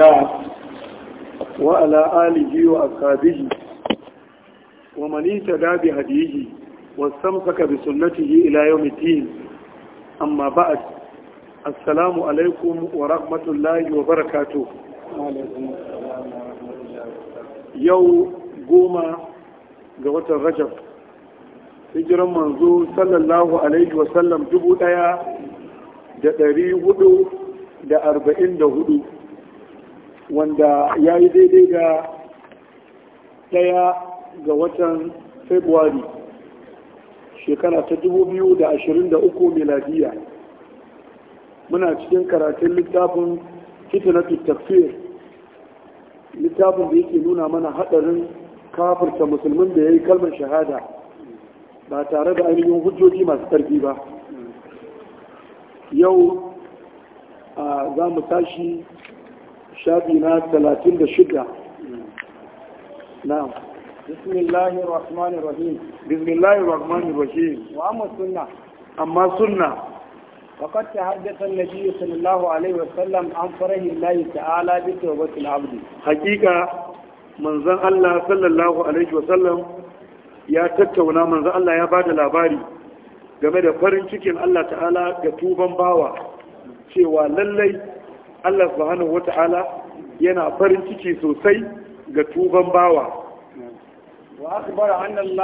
الله وعلى آله وأصحابه ومن اهتدى بهديه واستمسك بسنته إلى يوم الدين أما بعد السلام عليكم ورحمة الله وبركاته يوم قوم قوة الرجب hijiran manzo sallallahu alaihi wasallam dubu daya da dari hudu da arba'in da hudu wanda ya yi daidai da daya ga watan februari shekara ta 2023 miladiya muna cikin karatun littafin fitinatu tafsir littafin da yake nuna mana hadarin kafirta musulmin da ya yi kalmar shahada ba tare da ainihin hujjoji masu ƙarfi ba yau za mu tashi shafi na talatin da shida بسم الله الرحمن الرحيم بسم الله الرحمن الرحيم وأما السنة أما السنة وقد تحدث النبي صلى الله عليه وسلم عن فره الله تعالى بتوبة العبد حقيقة من ذا الله صلى الله عليه وسلم يا تتونا من ذا الله يا بعد العباري game da farin cikin Allah ta'ala ga tuban bawa cewa lallai Allah subhanahu wata'ala yana farin ciki sosai ga tuban bawa Wa واخبر ان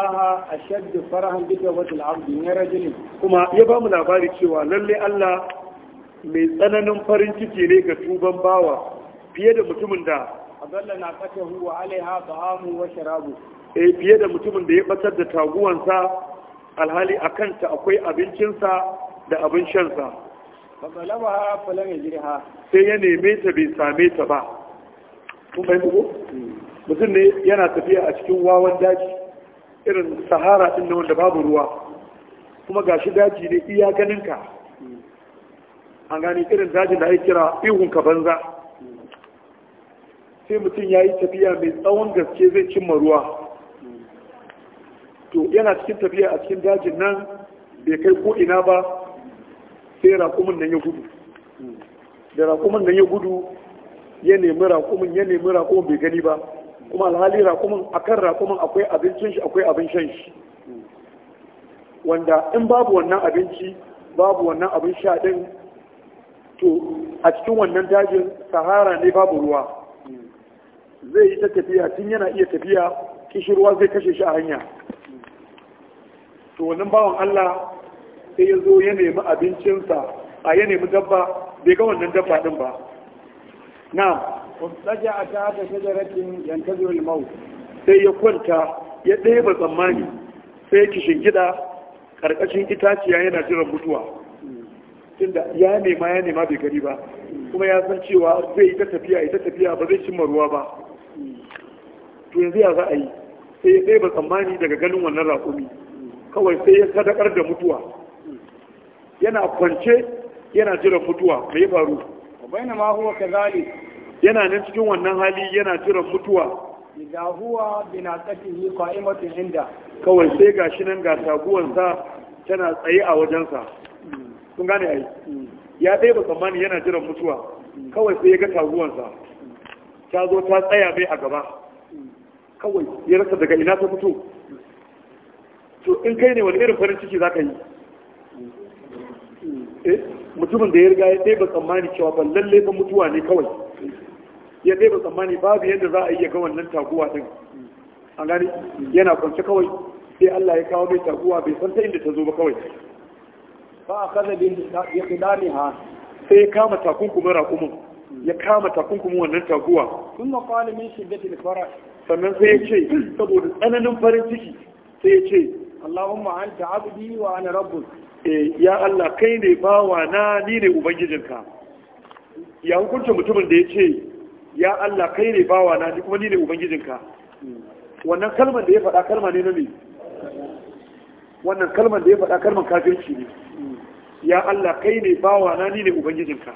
farahan bi فرحا بتوبه ya من kuma ya ba mu labari cewa lalle Allah mai tsananin farin ciki ne ga tuban bawa fiye da mutumin da adalla na hu wa alaiha ta'amu wa sharabu eh fiye da mutumin da ya batar da taguwansa alhali akan ta akwai abincinsa da abin shansa fa fa lam yajriha sai ya neme ta bai same ta ba kun bai mutum ne yana tafiya a cikin wawan daji irin sahara din wanda babu ruwa kuma gashi daji ne iya ganin ka an gani irin dajin da ake kira ihun ka banza sai mutum ya yi tafiya mai tsawon gaske zai cimma ruwa to yana cikin tafiya a cikin dajin nan bai kai ko ina ba sai raƙumin nan ya gudu da raƙumin nan ya gudu ya nemi raƙumin ya nemi raƙumin bai gani ba kuma alhali raƙumin kan raƙumin akwai abincin shi akwai abin shan shi wanda in babu wannan abinci babu wannan abin sha ɗin to a cikin wannan dajin sahara ne babu ruwa zai yi ta tafiya tun yana iya tafiya kishirwa zai kashe shi a hanya to wannan bawan Allah sai ya zo ya nemi abincinsa a ya nemi dabba bai ga wannan dabba din ba na'am wasaja a ta haka shajaratin sai ya kwanta ya ɗaya tsammani sai kishin gida ƙarƙashin itaciya yana jiran mutuwa tunda ya nema ya nema bai gari ba kuma ya san cewa zai yi ta tafiya ita tafiya ba zai cimma ruwa ba to yanzu ya za a yi sai ya ɗaya ba tsammani daga ganin wannan raƙumi kawai sai ya sadakar da mutuwa yana kwance yana jiran mutuwa ya faru baina ma huwa kazali yana nan cikin wannan hali yana jiran mutuwa idza huwa binaqatihi qa'imatun inda kawai sai gashi nan ga taguwansa tana tsaye a wajensa kun gane ai mm. ya dai ba tsammani yana jiran mutuwa mm. kawai sai ya ga taguwansa ta zo ta tsaya bai a gaba mm. kawai ya rasa daga ina ta fito to in kai ne wani irin farin ciki zaka yi Eh, mutumin da ya riga ya ba tsammani cewa ban lalle ba mutuwa ne kawai ya ba tsammani babu yadda za a iya ga wannan taguwa ɗin an gani yana kwance kawai sai Allah ya kawo mai taguwa bai san ta inda ta zo ba kawai a akaza bin ha sai ya kama takunkumin raƙumin ya kama takunkumin wannan taguwa Sun maqala min shiddatil fara. sannan sai ya ce saboda tsananin farin ciki sai ya ce Allahumma anta abdi wa ana rabu. Eh, ya Allah kai ne bawa na ni ne ubangijinka ya hukunta mutumin da ya ce ya Allah kai ne bawa na ni kuma ni ne ubangijinka wannan kalmar da ya faɗa kalma ne na me wannan kalmar da ya faɗa kalmar kafirci ne ya Allah kai ne bawa na ni ne ubangijinka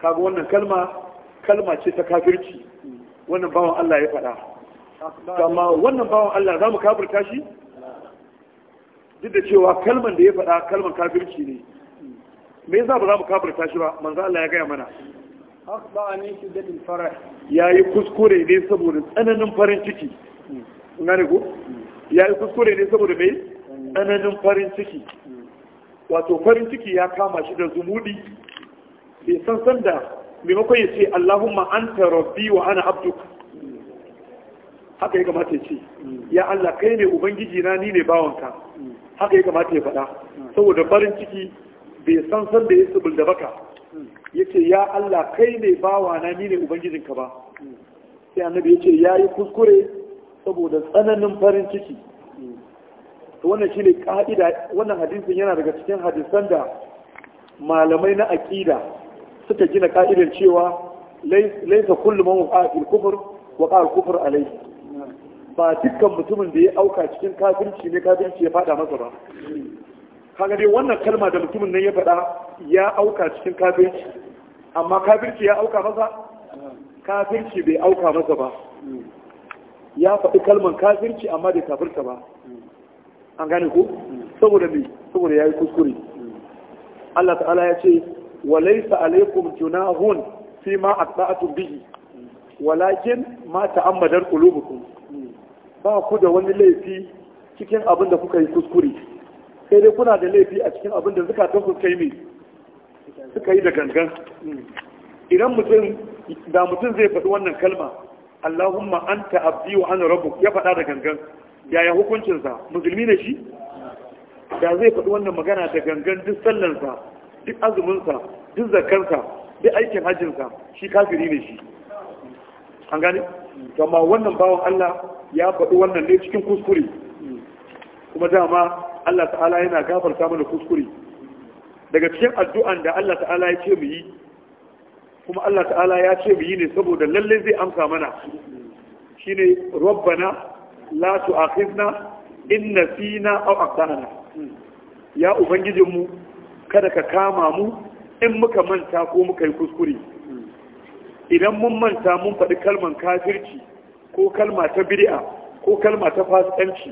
kaga wannan kalma kalma ce ta kafirci wannan bawan Allah ya faɗa amma wannan bawan Allah za mu kafirta shi duk da cewa kalman da ya faɗa kalman kafirci ne me yasa ba za mu kafirta shi ba manzo Allah ya gaya mana akhba ni shiddatil farah yayi kuskure ne saboda tsananin farin ciki ngane ko yayi kuskure ne saboda me tsananin farin ciki wato farin ciki ya kama shi da zumudi bai san san da maimakon ya ce Allahumma anta rabbi wa ana abduk haka ya kamata ya ce ya Allah kai ne ubangiji na ni ne bawanka haka ya kamata ya faɗa saboda farin ciki bai san san da ya subul da baka ce ya Allah kai ne bawa na ni ne ubangijinka ba sai annabi ya yi kuskure saboda tsananin farin ciki to wannan ne ka'ida wannan hadisin yana daga cikin hadisan da malamai na aƙida suka gina ka'idar cewa laisa kullu man waqa al-kufr waqa al-kufr alayhi ba dukkan mutumin da ya auka cikin kafirci ne kafirci ya fada masa ba kaga dai wannan kalma da mutumin nan ya faɗa ya auka cikin kafirci amma kafirci ya auka masa kafirci bai auka masa ba ya faɗi kalman kafirci amma bai kafirta ba an gane ko saboda me saboda yayi kuskure Allah ta'ala ya ce wa laysa alaykum junahun fi ma aqta'tum bihi walakin ma ta'ammadar qulubukum ba ku da wani laifi cikin abin da kuka yi kuskure sai dai kuna da laifi a cikin abin da zukatan ku kai ne suka yi da gangan idan mutum da mutum zai faɗi wannan kalma Allahumma anta abdi wa ana rabbuk ya faɗa da gangan yaya hukuncinsa musulmi ne shi da zai faɗi wannan magana da gangan duk sa duk sa duk sa duk aikin sa shi kafiri ne shi an gane amma wannan bawan Allah ya faɗi wannan ne cikin kuskure kuma dama Allah ta'ala yana gafarta mana kuskure daga cikin addu'an da Allah ta'ala ya ce mu yi kuma Allah ta'ala ya ce mu yi ne saboda lalle zai amsa mana shine rabbana la tu'akhidna in nasina aw aqtana ya mu, kada ka kama mu in muka manta ko muka yi kuskure idan mun manta mun faɗi kalman kafirci ko kalma ta bir'a ko kalma ta fasikanci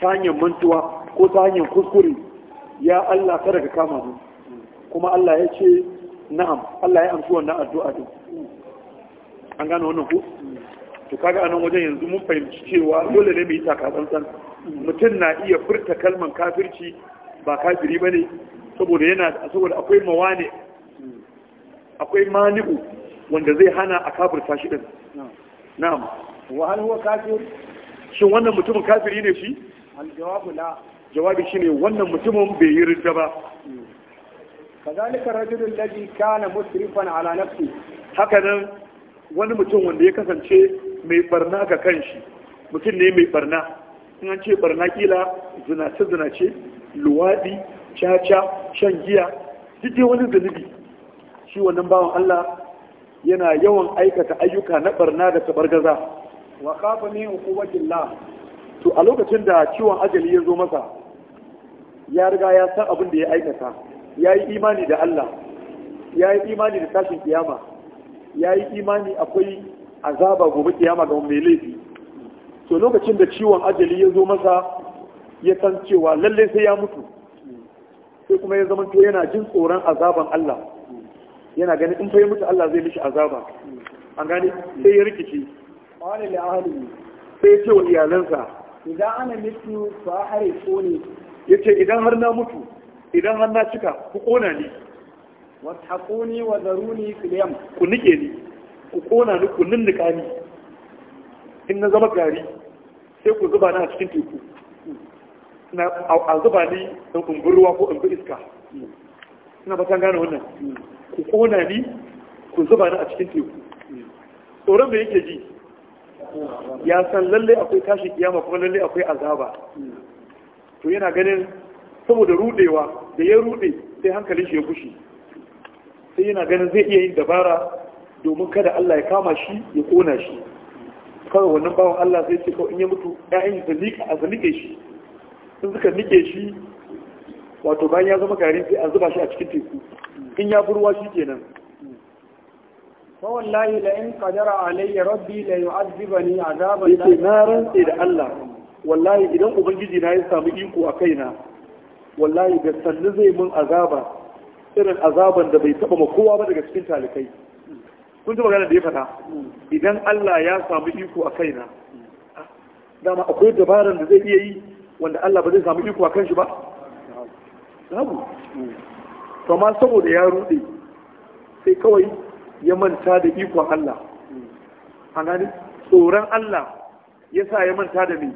ta hanyar mantuwa ko ta hanyar kuskure ya Allah kada ka kama mu kuma Allah ya ce na'am Allah ya amshi wannan addu'a din an gano wannan ku to kaga anan wajen yanzu mun fahimci cewa dole ne mu yi takatsantsan mutum na iya furta kalman kafirci ba kafiri bane saboda yana saboda akwai mawani akwai mani'u wanda zai hana a kafirta shi din na'am wa hal huwa kafir shin wannan mutumin kafiri ne shi al jawabu la jawabi shine wannan mutumin bai yi ridda ba hmm. kazalika rajulul ladhi kana musrifan ala nafsi haka nan wani mutum wanda ya kasance mai barna ga kanshi mutum ne mai barna in an ce barna kila zinace zinace luwadi caca shan giya duk wani zunubi shi wannan bawan Allah yana yawan aikata ayyuka na barna da tabargaza wa in min uqubatillah to a lokacin da ciwon ajali ya zo masa ya riga ya san abin da ya aikata ya yi imani da Allah ya yi imani da tashin kiyama ya yi imani akwai azaba gobe kiyama ga mai laifi to lokacin da ciwon ajali ya zo masa ya san cewa lallai sai ya mutu sai kuma ya zama yana jin tsoron azaban Allah yana ganin in fa mutu Allah zai mishi azaba an gane sai ya rikici wani da ahlihi sai ce wa iyalansa idan ana mutu fa hare ko Ya ce idan har na mutu idan har na cika ku kona ni wata taquni wa zaruni fil ku nike ni ku kona ni ku ninnika ni in na zama gari sai ku zuba ni a cikin teku na a zuba ni in ruwa ko in bi iska ina ba gane wannan ku kona ni ku zuba ni a cikin teku tsoron da yake ji ya san lalle akwai tashi kiyama kuma lalle akwai azaba to yana ganin saboda rudewa da ya rude sai hankalin shi ya gushi sai yana ganin zai iya yin dabara domin kada Allah ya kama shi ya kona shi kawai wannan bawan Allah zai ce ko in ya mutu 'ya'yan zalika a zalike shi in suka nike shi wato bayan ya zama gari sai a zuba shi a cikin teku in ya burwa shi kenan fa wallahi la in qadara alayya rabbi la yu'adhibani azaban la na rantsi da Allah wallahi idan ubangiji na ya samu iko a kaina wallahi da sannu zai mun azaba irin azaban da bai taba ma kowa ba daga cikin talikai kun ji magana da ya faɗa idan Allah ya samu iko a kaina dama akwai dabaran da zai iya yi wanda Allah ba zai samu iko a kan shi ba babu to ma saboda ya rude sai kawai ya manta da ikon Allah an ne tsoron Allah ya sa ya manta da mai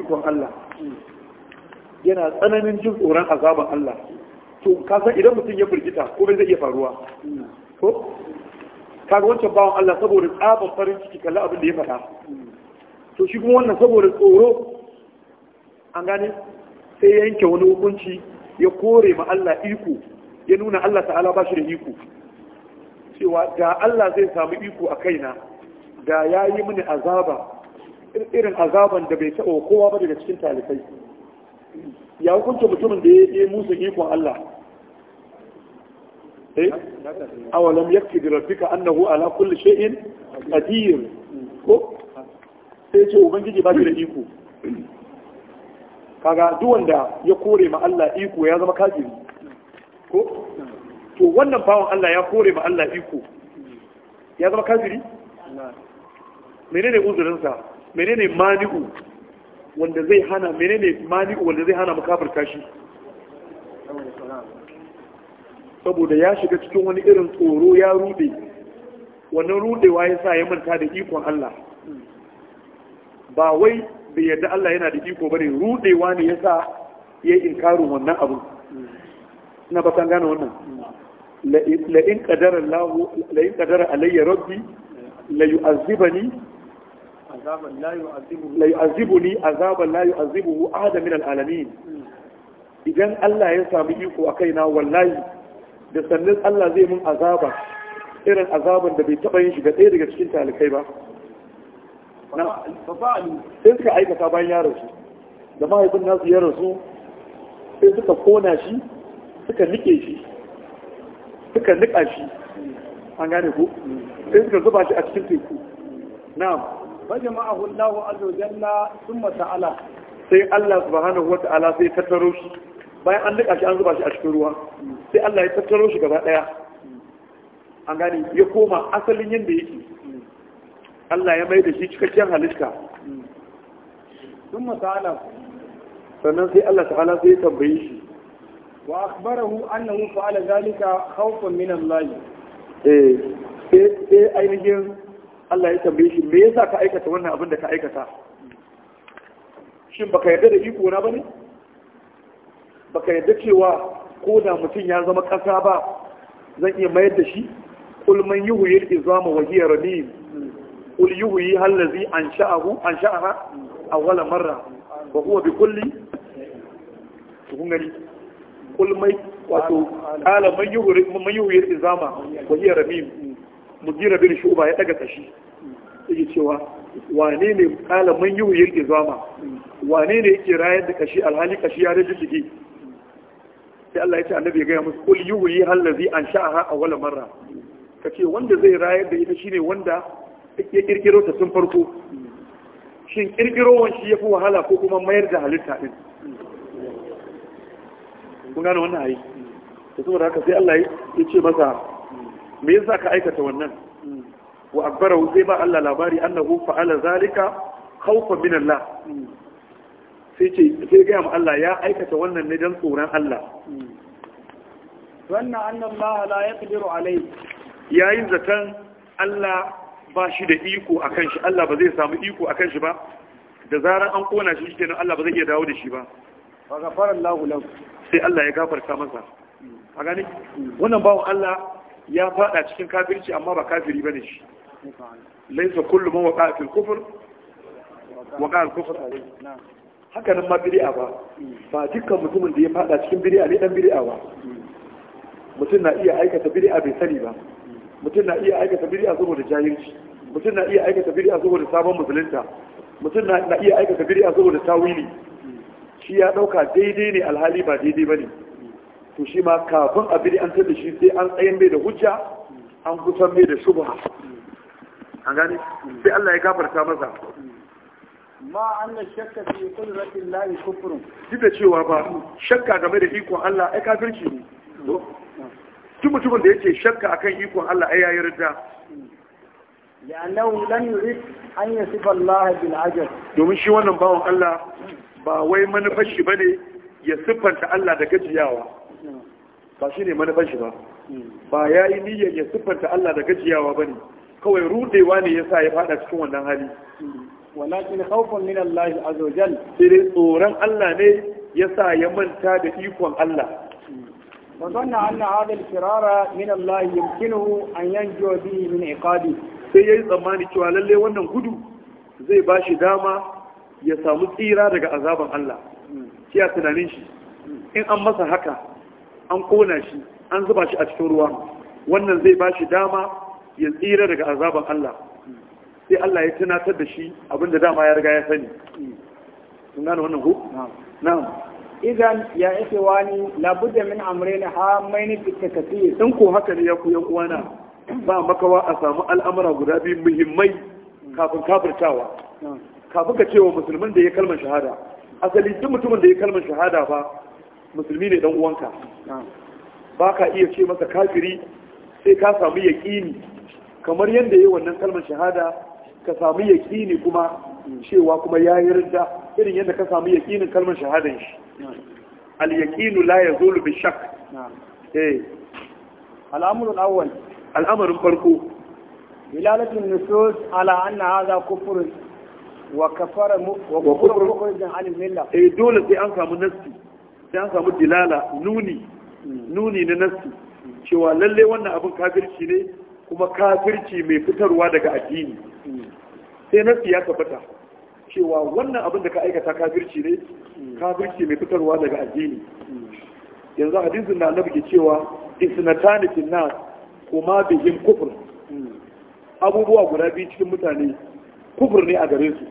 ikon Allah yana tsananin jin tsoron azaban Allah to kasan idan mutum ya firgita ko bai zai iya faruwa ko kaga wancan bawon Allah saboda tsabar farin ciki kalla abin da ya faɗa to shi kuma wannan saboda tsoro an gane sai yanke wani hukunci ya kore ma Allah iko ya nuna Allah ta'ala ba shi da iko cewa da Allah zai samu iko a kaina da ya yi mini azaba irin azaban da bai taɓa kowa ba daga cikin talifai ya hukunta mutumin da ya yi musu ikon Allah eh awalam yakfi bi rabbika annahu ala kulli shay'in qadir ko sai ce ubangiji ba shi da iko kaga duk wanda ya kore ma Allah iko ya zama kafiri ko to wannan bawan Allah ya kore ma Allah iko ya zama kafiri menene sa menene mani'u wanda zai hana menene mani'u wanda zai hana makafirta shi saboda ya shiga cikin wani irin tsoro ya rude wannan rudewa ya sa ya manta da ikon Allah ba wai bai yadda Allah yana da iko bane rudewa ne yasa ya inkarin wannan abu ina ba san gane wannan la in qadara Allah la in qadara alayya rabbi la yu'azibani azaban la yu'azibuni azaban la yu'azibuhu ahad min al-alamin idan Allah ya sami iko a kaina wallahi da sannan Allah zai mun azaba irin azaban da bai taba yin shi ga ɗaya daga cikin talikai ba sai suka aikata bayan ya rasu da mahaifin nasu ya rasu sai suka kona shi suka nike shi suka nika shi an gane ku sai suka zuba shi a cikin teku na'am baje ma'ahu Allah azza wa jalla thumma ta'ala sai Allah subhanahu wa ta'ala sai tattaro shi bayan an nika shi an zuba shi a cikin ruwa sai Allah ya tattaro shi gaba daya an gane ya koma asalin yanda yake Allah ya mai da shi cikakken halitta sun masala sannan sai Allah ta'ala sai tambaye shi wa akhbarahu annahu fa'ala zalika khawfan min Allah eh sai ainihin Allah ya tambaye shi me yasa ka aikata wannan abin da ka aikata shin baka yarda da iko na bane baka yarda cewa ko da mutum ya zama kasa ba zan iya mayar da shi kul man yuhyil izama wa hiya ramim قل yuhyi allazi ansha'ahu ansha'aha awwala marra wa huwa bi kulli kun gani قال mai wato qala man yuhyi man wa hiya ramim mujira bin shuba ya daga kashi wane ne kala man yi wuyar izama wane ne yake rayar da kashi alhali kashi ya rage jiki sai Allah ya ce annabi ya gaya musu kul marra kace wanda zai rayar da ita shine wanda ya kirkiro ta sun farko shin kirkirowan shi ya fi wahala ko kuma mayar da halitta ɗin kun gane wannan hayi da saboda haka sai Allah ya ce masa me yasa ka aikata wannan wa akbarahu sai ba Allah labari annahu fa'ala zalika khawfan min Allah sai ce sai ga Allah ya aikata wannan ne dan tsoron Allah wannan annallaha la yaqdiru alayhi yayin zakan Allah ba shi da iko a kan shi Allah ba zai samu iko a kan shi ba da zarar an kona shi kenan Allah ba zai iya dawo da shi ba Ba ghafara Allahu lahu sai Allah ya gafarta masa a gani wannan bawon Allah ya fada cikin kafirci amma ba kafiri bane shi laysa kullu man waqa'a fil kufr waqa'a al kufr haka nan ma bid'a ba ba dukkan mutumin da ya fada cikin bid'a ne dan bid'a ba mutum na iya aikata bid'a bai sani ba mutum na iya aikata bid'a saboda jahilci mutum na iya aikata bid'a saboda sabon musulunta mutum na iya aikata bid'a saboda tawili shi ya dauka daidai ne alhali ba daidai bane to shi ma kafin a bid'antar da shi sai an tsayen mai da hujja an kusan mai da shubha an gane sai Allah ya gafarta masa ma annan shakka fi qudratillahi kufrun duk da cewa ba shakka game da ikon Allah ai kafirci ne tun mutumin da yake shakka akan ikon Allah Ya yayi nan لأنه لن يريد أن يصف الله بالعجل domin shi wannan bawon Allah ba wai manufar shi bane ya siffanta Allah da gajiyawa ba shine manufar shi ba ba ya yi niyyar ya siffanta Allah da gajiyawa bane kawai rudewa ne yasa ya fada cikin wannan hali walakin khawfan min Allah azza wajal sai tsoron Allah ne yasa ya manta da ikon Allah وظن أن هذا الفرار من الله يمكنه أن ينجو به من عقابه sai ya yi tsammani cewa lalle wannan gudu zai ba shi dama ya samu tsira daga azaban Allah shi a tunanin shi in an masa haka an kona shi an zuba shi a cikin ruwa wannan zai ba shi dama ya tsira daga azaban Allah sai Allah ya tunatar da shi abinda dama ya riga ya sani sun gane wannan ku? na'am idan ya ake wani labudda min amrina ha mai ni fi in ko haka ne ya ku yan uwana ba makawa a samu al'amura guda biyu muhimmai kafin kafirtawa kafin ka cewa musulmin da ya kalmar shahada asali duk mutumin da ya kalmar shahada ba musulmi ne dan uwanka ba ka iya ce masa kafiri sai ka samu yaƙini kamar yadda ya yi wannan kalmar shahada ka samu yaƙini kuma cewa kuma ya yi rinda irin yadda ka samu yaƙinin kalmar shahadan shi اليقين لا la بالشك ايه الامر الاول الامر الفرقو al النصوص على ان farko كفر وكفر nusus ala عن hadha kufr wa kafara wa kufr نفسي eh, dole sai an sai hmm. na cewa lalle wannan abin kafirci ne kuma kafirci mai fitarwa daga addini hmm. sai nasi ya tabbata cewa wannan abin da ka aikata kafirci ne kafirci mai fitarwa daga addini yanzu hadisin na annabi ke cewa isnatani fil nas kuma bihim kufr abubuwa guda biyu cikin mutane kufur ne a gare su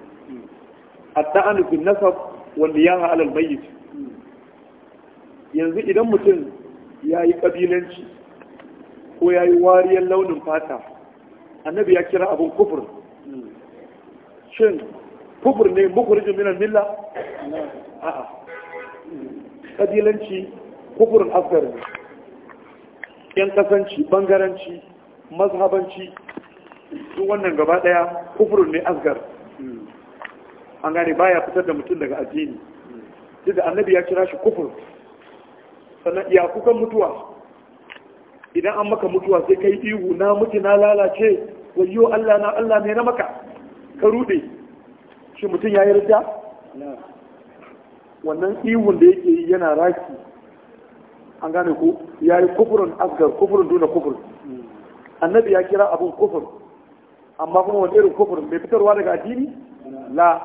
at fil nasab wal niyaha ala al-mayyit yanzu idan mutum ya yi kabilanci ko ya yi wariyar launin fata annabi ya kira abun kufur shin kufur ne mukhrijun min al a'a kabilanci kufurin asgar ne yan kasanci bangaranci mazhabanci duk wannan gaba daya kufurin ne asgar an gane baya fitar da mutum daga addini duk da annabi ya kira shi kufur sannan ya kukan mutuwa idan an maka mutuwa sai ka yi ihu na mutu na lalace wayo Allah na Allah ne na maka ka rude shi mutum ya yi rida wannan ihun da yake yi yana raki an gane ku? ya yi kufurin asgar kufurin duna kufur annabi ya kira abin kufur amma kuma wani irin kufur mai fitarwa daga addini la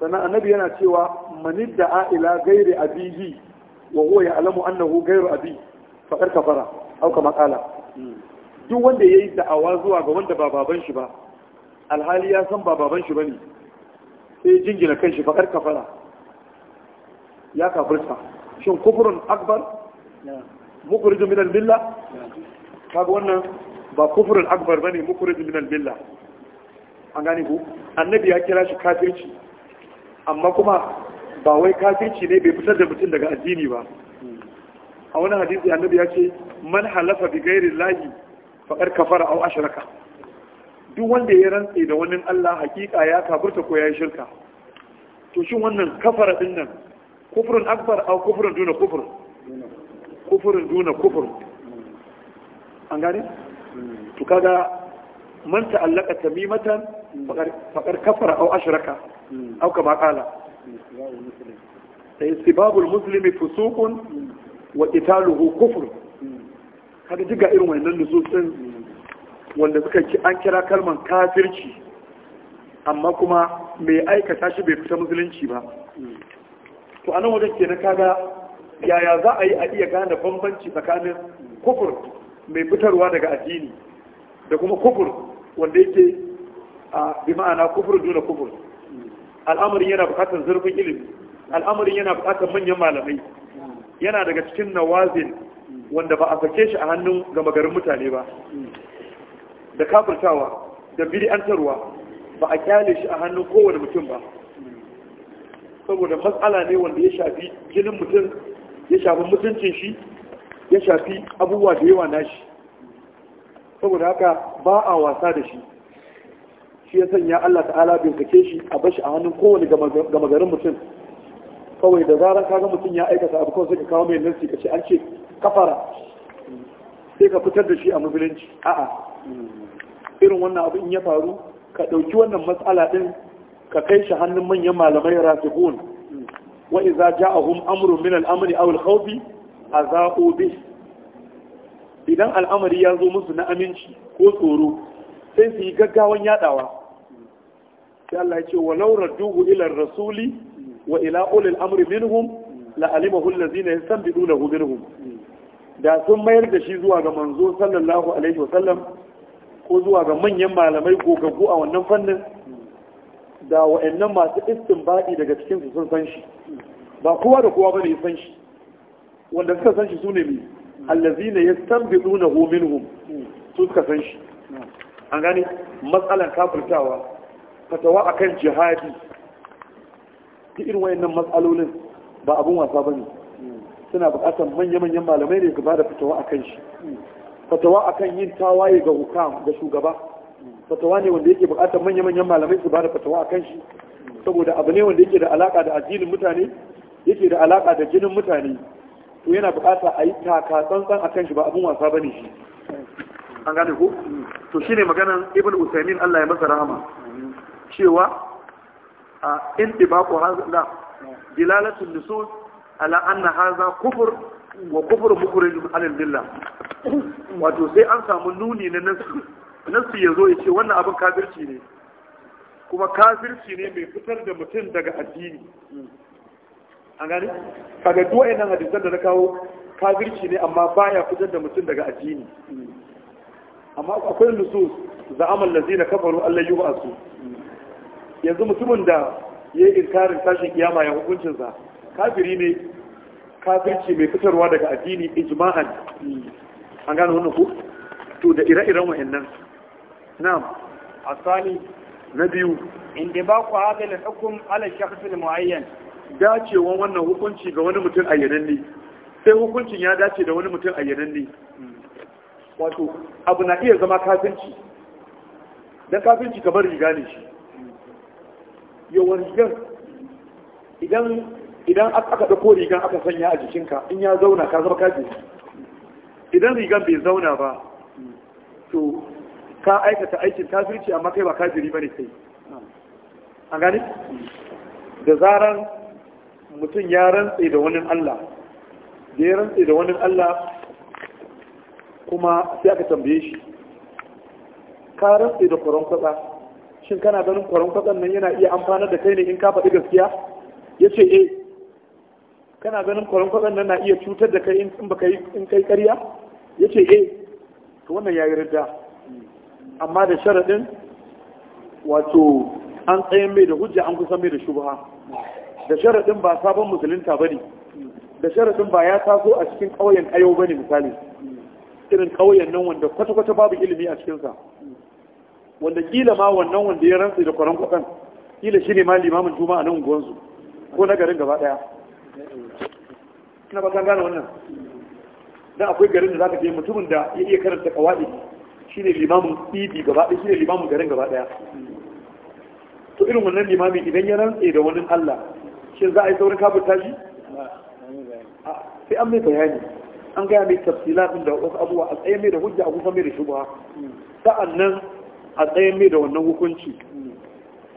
sannan annabi yana cewa manid da a'ila gairi Abibi, wa huwa alamu annahu gairu abi faqad kafara auka makala duk wanda yayi da'awa zuwa ga wanda ba baban shi ba alhali ya san ba baban shi bane sai jingina kan shi fakar kafara ya kafirta shin kufurun akbar mukhrijun min al-billa kaga wannan ba kufurun akbar bane mukhrijun min al-billa an gane ku annabi ya kira shi kafirci amma kuma ba wai kafirci ne bai fitar da mutum daga addini ba a wani hadisi annabi ya ce man halafa bi ghairi lahi faqad kafara aw ashraka duk wanda ya rantse da wani Allah hakika ya kafirta ko ya yi shirka to shin wannan kafara din nan kufrun akbar au kufrun duna kufur kufrun duna kufur an gane to kaga man ta'allaka tamimatan faqar kafara au ashraka au kama qala sibabul muslimi fusuqun wa italuhu kufr kaga diga irin wannan nusus wanda suka ki an kira kalman kafirci amma kuma mai aikata shi bai fita musulunci ba to anan wajen ke na kaga yaya za a yi a iya gane bambanci tsakanin kufur mai fitarwa daga addini da kuma kufur wanda yake a bi ma'ana kufur duna kufur al'amarin yana bukatar zurfin ilimi al'amarin yana bukatar manyan malamai yana daga cikin nawazin wanda ba a sake shi a hannun gama garin mutane ba da kafirtawa da bid'antarwa ba a kyale shi a hannun kowane mutum ba saboda matsala ne wanda ya shafi jinin mutum ya shafi mutuncin shi ya shafi abubuwa da yawa nashi saboda haka ba a wasa da shi shi ya sanya Allah ta'ala bincike shi a bashi a hannun kowane gama garin mutum kawai da zarar kaga mutum ya aikata abu kawai suka kawo mai nasi kace an ce kafara sai ka fitar da shi a musulunci a'a irin wannan abu in ya faru ka ɗauki wannan matsala ɗin ka kai shi hannun manyan malamai rasihun wa iza ja'ahum amrun min al-amri aw al-khawf azaqu bih idan al'amari ya zo musu na aminci ko tsoro sai su yi gaggawan yadawa sai Allah ya ce walau radduhu ila rasuli wa ila ulil amri minhum la alimahu allazina yastanbidunahu minhum da sun mayar da shi zuwa ga manzo sallallahu alaihi wasallam ko zuwa ga manyan malamai gogaggu a wannan fannin da wa'annan masu istinbadi daga cikin su sun san shi ba kowa da kowa bane ya san shi wanda suka san shi su ne allazina yastanbidunahu minhum su suka san shi an gane matsalan kafirtawa fatawa akan jihadi ta irin wayannan matsalolin ba abun wasa bane suna bukatar manya-manyan malamai ne gaba da fitowa a kan shi fatawa a kan yin tawaye ga hukam ga shugaba fatawa ne wanda yake bukatar manya-manyan malamai su bada fatawa a kan shi saboda abu ne wanda yake da alaka da addinin mutane yake da alaka da jinin mutane to yana bukata a yi taka tsantsan kan shi ba abun wasa bane shi an gane ko to shine maganan ibn usaimin Allah ya masa rahama cewa a in dibaqu hadha dilalatu nusus ala anna haza kufur wa kufur mukhrijun anil dilla. wato sai an samu nuni na nasu nasu yazo ya ce wannan abin kafirci ne kuma kafirci ne mai fitar da mutum daga addini an gani kaga duk wayannan hadisan da na kawo kafirci ne amma baya fitar da mutum daga addini amma akwai nusus za'amal lazina kafaru Allah yu'asu yanzu mutumin da yayi inkarin tashin kiyama ya hukuncin sa kafiri ne kafirci mai fitarwa daga addini ijma'an an gano wannan ku to da ire-iren wa'annan na'am asali na biyu inda ba ku da hukum ala shakhs muayyan dacewan wannan hukunci ga wani mutum ne. sai hukuncin ya dace da wani mutum ne. wato abu na iya zama kafirci don kafirci kamar riga ne shi yawan idan idan aka ɗauko rigan aka sanya a jikinka in ya zauna ka zama kaji idan rigan bai zauna ba to ka aikata aikin kafirci amma kai ba kafiri bane kai A gani da zaran mutum ya rantse da wani Allah da ya rantse da wani Allah kuma sai aka tambaye shi ka rantse da kwaron kwatsa shin kana ganin kwaron kwatsan nan yana iya amfanar da kai ne in ka faɗi gaskiya ya ce eh kana ganin kwaron nan na iya cutar da kai in baka yi in kai ƙarya yace eh to wannan yayi ridda amma da sharadin wato an tsayen mai da hujja an kusan mai da shubha da sharadin ba sabon musulunta bane da sharadin ba ya taso a cikin ƙauyen ayo bane misali irin ƙauyen nan wanda kwata-kwata babu ilimi a cikinsa wanda kila ma wannan wanda ya rantsi da kwaron kwaɗan kila shi ne ma limamin juma'a nan unguwansu ko na garin gaba ɗaya kina ba gane wannan dan akwai garin da zaka je mutumin da ya iya karanta kawai shine limamin bibi gaba ɗaya shine limamin garin gaba ɗaya to irin wannan limami idan ya rantse da wani Allah shin za a yi saurin kafirta shi sai an mai bayani an gaya mai tafsilatin da wasu abubuwa a tsaye mai da hujja a kusa mai da sa'an nan a tsaye mai da wannan hukunci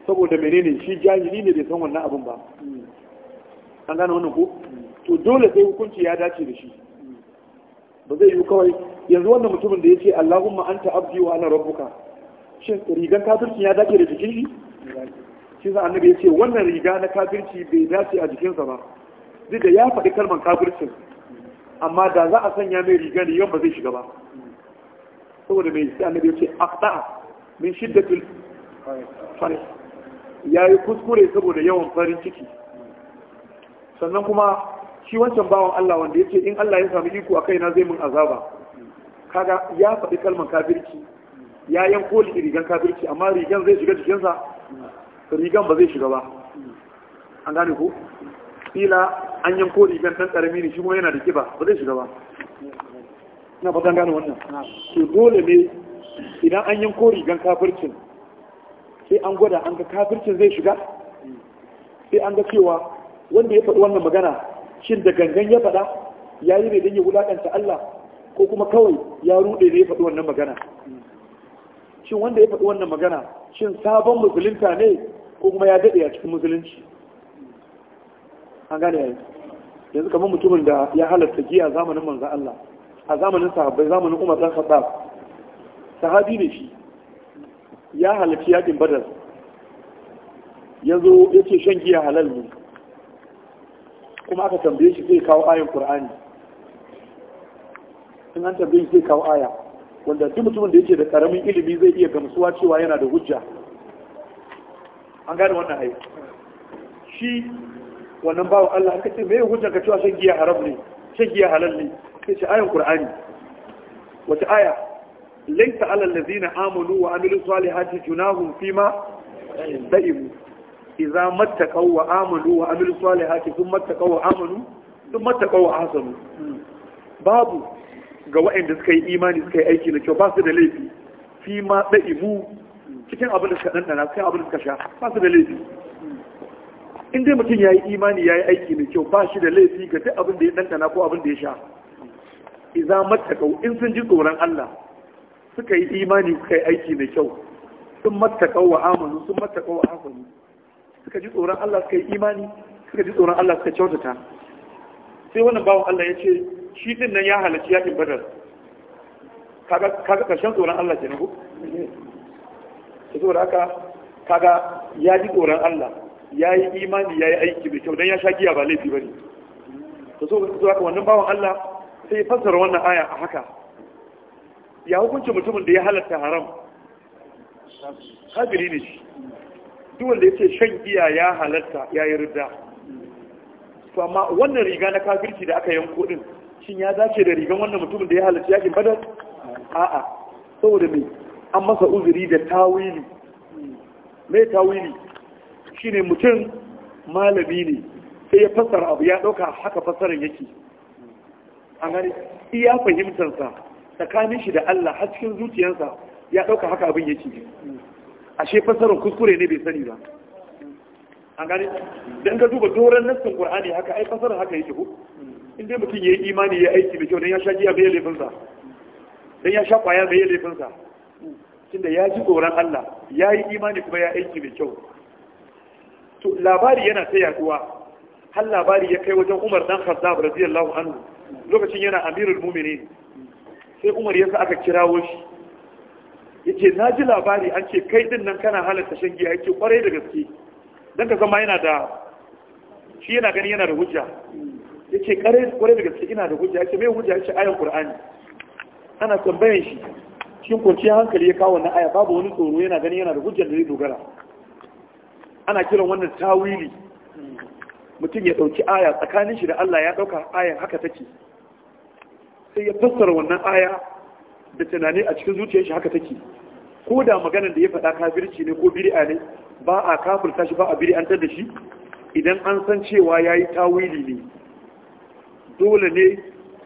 saboda menene shi jahili ne bai san wannan abin ba an gane wannan ko to dole sai hukunci ya dace da shi ba zai yi kawai yanzu wannan mutumin da ya ce Allahumma anta abdi wa ana rabbuka shin rigan kafirci ya dace da jikin shi shi za annabi ya ce wannan riga na kafirci bai dace a jikinsa ba duk da ya faɗi kalmar kafircin amma da za a sanya mai riga ne yau ba zai shiga ba saboda mai sai annabi ya ce aqta min shiddatil fari ya yi kuskure saboda yawan farin ciki sannan kuma shi wancan bawan Allah wanda ya ce in Allah ya sami iko a kaina zai mun azaba kaga ya faɗi kalmar kafirci ya yanko rigan kafirci amma rigan zai shiga jikinsa rigan ba zai shiga ba an gane ko kila an yanko rigan dan karami ne shi kuma yana da kiba ba zai shiga ba ina zan gane wannan to dole ne idan an yanko rigan kafircin sai an gwada an ga kafircin zai shiga sai an ga cewa wanda ya faɗi wannan magana shin da gangan ya faɗa ya yi ne don ya wulaƙanta Allah ko kuma kawai ya ruɗe da ya faɗi wannan magana shin wanda ya faɗi wannan magana shin sabon musulunta ne ko kuma ya daɗe a cikin musulunci an gane yayi yanzu kamar mutumin da ya halarta giya zamanin manzan Allah a zamanin sahabbai zamanin Umar dan Khattab sahabi ne shi ya halarci yakin Badar yanzu yace shan giya halal ne kuma aka tambaye shi zai kawo ayin qur'ani in an tambaye shi zai kawo aya wanda duk mutumin da yake da karamin ilimi zai iya gamsuwa cewa yana da hujja an gane wannan ai shi wannan bawo Allah ka ce me hujja ka cewa shan giya haram ne shan giya halal ne sai ce ayin qur'ani wata aya laysa alal ladzina amanu wa amilus salihati junahum fima da'imu Iza mattaqaw wa amanu wa amilu salihati sun mattaqaw wa amanu sun mattaqaw wa ahsanu babu ga waɗanda suka yi imani suka yi aiki na kyau ba su da laifi fi ma da'imu cikin abin da suka dandana cikin abin da suka sha ba su da laifi in dai mutum ya yi imani ya yi aiki mai kyau ba shi da laifi ga duk abin da ya dandana ko abin da ya sha iza mattaqaw in sun ji tsoron Allah suka yi imani suka yi aiki mai kyau sun mattaqaw wa amanu sun mattaqaw wa hasanu suka ji tsoron Allah suka yi imani suka ji tsoron Allah suka kyautata sai wannan bawan Allah ya ce shi din nan ya halarci yakin badar kaga karshen tsoron Allah kenan ko saboda haka kaga ya ji tsoron Allah ya yi imani ya yi aiki mai kyau don ya sha giya ba laifi ba ne ta so zo haka wannan bawan Allah sai ya fassara wannan aya a haka ya hukunci mutumin da ya halarta haram kafiri ne shi duk wanda ya ce shan giya ya halarta ya yi ridda to amma wannan riga na kafirci da aka yanko din shin ya dace da rigan wannan mutumin da ya halarci kin badar a'a saboda me an masa uzuri da tawili me tawili shine mutum malami ne sai ya fassara abu ya dauka haka fassaran yake an gani iya fahimtarsa tsakanin shi da Allah har cikin zuciyarsa ya dauka haka abin yake ashe fasarar kuskure ne bai sani ba an gane don ka duba doron nassin qur'ani haka ai fasarar haka yake ko in dai mutum yayi imani yayi aiki da kyau dan ya sha giya bai laifin sa dan ya sha kwaya bai laifin sa tunda ya ji tsoron Allah ya yi imani kuma ya aiki da kyau to labari yana ta yaduwa har labari ya kai wajen Umar dan Khattab radiyallahu anhu lokacin yana amirul mu'minin sai Umar yasa aka kirawo shi yace na ji labari an ce kai din nan kana halarta shan giya yake kwarai da gaske dan ka zama yana da shi yana gani yana da hujja yace kwarai da gaske ina da hujja yace mai hujja yace ayan qur'ani ana tambayan shi Shin ko kwanciyar hankali ya kawo wannan aya babu wani tsoro yana gani yana da hujja da zai dogara ana kiran wannan tawili mutum ya dauki aya tsakanin shi da Allah ya ɗauka ayan haka take sai ya fassara wannan aya da tunani a cikin zuciyar shi haka take ko da maganar da ya faɗa kafirci ne ko bid'a ne ba a kafirta shi ba a bid'antar da shi idan an san cewa yayi tawili ne dole ne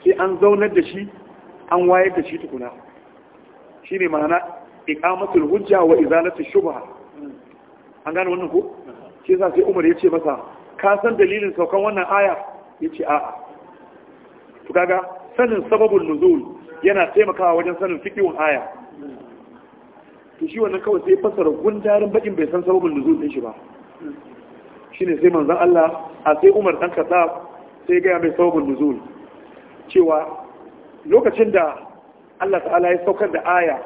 sai an zaunar da shi an wayar da shi tukuna shine ma'ana iqamatul hujja wa izalatu shubha an gane wannan ko shi yasa sai Umar ya ce masa ka san dalilin saukan wannan aya yace a'a to kaga sanin sababul nuzul yana taimakawa wajen sanin fikin aya to shi wannan kawai sai fasara gundarin bakin bai san sababin nuzul din shi ba shine sai manzon Allah a sai Umar dan Khattab sai gaya mai sababin nuzul cewa lokacin da Allah ta'ala ya saukar da aya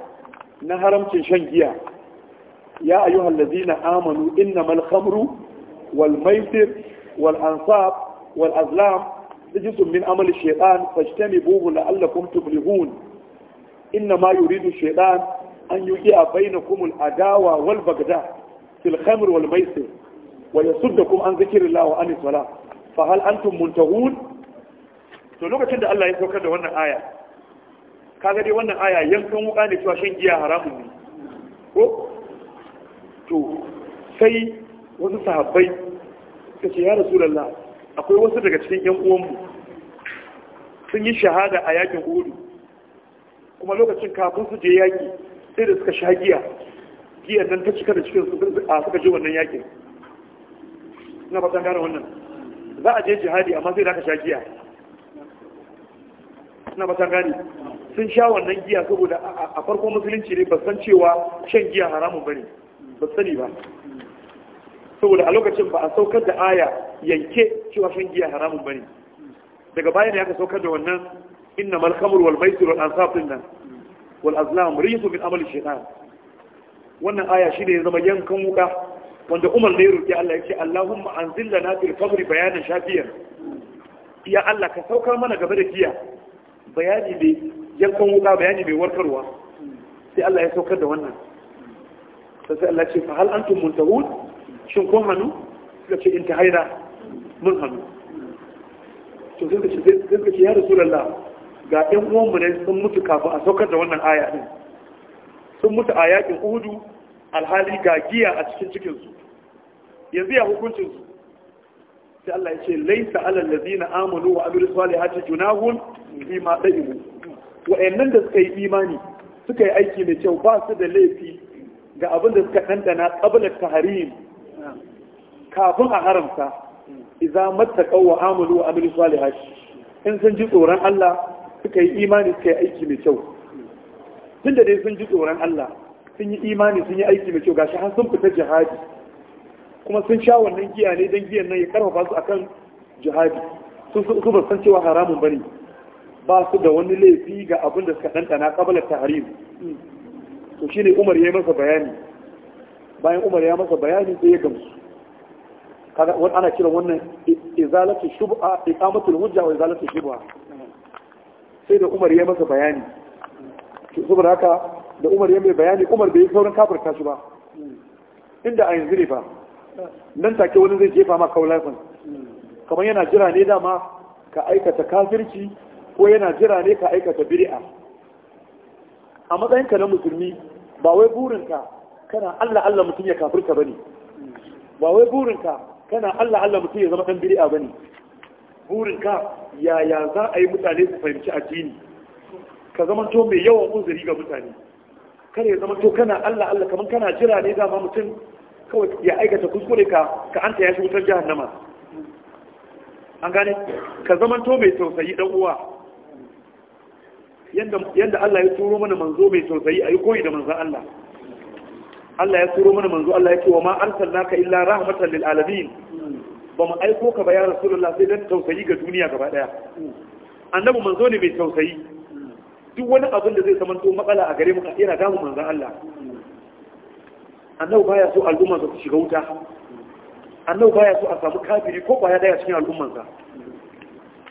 na haramcin shan giya ya ayyuhal ladina amanu innamal khamru wal maisir wal ansab wal azlam rijisun min amal shaitan fashtani buhu la'allakum tuflihun inna ma yuridu shaitan an yuqi'a bainakum al-adawa wal bagda fil khamr wal maisir wa yasuddakum an zikrillah wa anis salah fa hal antum muntahun to lokacin da Allah ya sauka da wannan aya kaga dai wannan aya yankan wuka ne cewa shan giya haramun ne ko to sai wasu sahabbai suka ce ya rasulullah akwai wasu daga cikin yan uwanmu sun yi shahada a yakin hudu kuma lokacin kafin su je yaki sai da suka sha giya giyar nan ta cika da cikin su a suka je wannan yakin ina fatan gane wannan za a je jihadi amma sai da aka sha giya ina fatan gane sun sha wannan giya saboda a farkon musulunci ne ba san cewa shan giya haramun bane ba sani ba saboda a lokacin ba a saukar da aya yanke cewa shan giya haramun bane daga baya ne aka saukar da wannan inna mal khamru wal maisir wal ansab din nan wal azlam rijsu min amali shaytan wannan aya shine ya zama yankan wuka wanda Umar ne ya roki Allah ya ce Allahumma anzil lana fil khamri bayanan shafiyan ya Allah ka saukar mana gaba da giya bayani ne yankan wuka bayani mai warkarwa sai Allah ya saukar da wannan sai Allah ya ce fa hal antum muntahun shin ko hannu suka ce in ta haira mun hannu to sun suka ce ya rasulallah ga ɗan mu ne sun mutu kafa a saukar da wannan aya ɗin sun mutu a yakin uhudu alhali ga giya a cikin cikinsu yanzu ya hukuncinsu sai Allah ya ce laisa alal ladina amanu wa amilu salihati junahun bima da'imu wa'annan da suka yi imani suka yi aiki mai kyau ba su da laifi ga abin da suka dandana qabla tahrim kafin a haramta idza mattaqaw wa amalu wa amilu salihat in sun ji tsoron Allah suka yi imani suka yi aiki mai kyau tun da dai sun ji tsoron Allah sun yi imani sun yi aiki mai kyau gashi har sun fita jihadi kuma sun sha wannan giya ne don giyan nan ya karfafa su akan jihadi su ba san cewa haramun bane ba su da wani laifi ga abin da suka ɗanɗana kabalar tahrim to shine Umar ya yi masa bayani bayan umar ya masa bayani sai ya gamsu kaga wani ana cire wannan izalatu shubha iqamatul hujja wa izalatu shubha sai da umar ya masa bayani to saboda haka da umar ya mai bayani umar bai saurin kafirta shi ba inda a yanzu ne ba nan take wani zai jefa ma kaulafin kamar yana jira ne dama ka aikata kafirci ko yana jira ne ka aikata biri'a? a matsayinka na musulmi ba wai burinka kana Allah Allah mutum ya kafirka bane ba wai burinka kana Allah Allah mutum ya zama dan bid'a bane burinka yaya za a yi mutane su fahimci addini ka zama to mai yawan uzuri ga mutane kada ya zama to kana Allah Allah kaman kana jira ne ma mutum kawai ya aikata kuskure ka ka anta ya shi wutar jahannama an gane ka zama to mai tausayi dan uwa yanda Allah ya turo mana manzo mai tausayi a yi koyi da manzo Allah Allah ya turo mana manzo Allah ya yake wa ma arsalnaka illa rahmatan lil alamin ba mu aiko ka ba ya rasulullah sai dan tausayi ga duniya gaba daya annabi manzo ne mai tausayi duk wani abin da zai zamanto matsala a gare mu ka yana damu manzon Allah annabi baya so al'umma su shiga wuta annabi baya so a samu kafiri ko kwaya daya cikin al'ummansa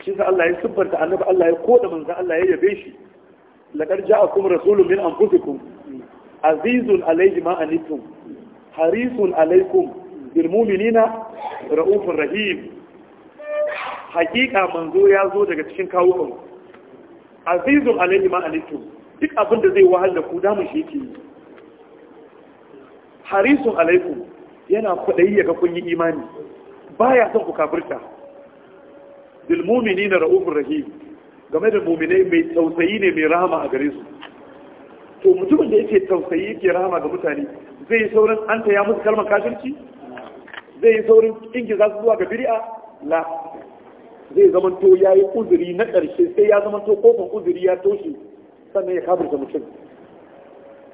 shi sa Allah ya sibbanta annabi Allah ya koda manzon Allah ya yabe shi laqad ja'akum rasulun min anfusikum azizun alaihi ma anitum harisun alaikum bil Ra'ufin rahim hakika manzo ya zo daga cikin kawukan azizun alaihi ma duk abin da zai wahal da ku damun shi yake harisun alaikum yana kwaɗayi ya ga kun yi imani baya son ku kafirta bil mu'minina raufur rahim game da mu'minai mai tausayi ne mai rahama a gare su to mutumin da yake tausayi yake rahama ga mutane zai yi saurin an ta ya musu kalmar kafirci zai yi saurin kinki za su zuwa ga biri'a la zai zama to yi uzuri na ƙarshe sai ya zama to kofin uzuri ya toshe sannan ya kafirta mutum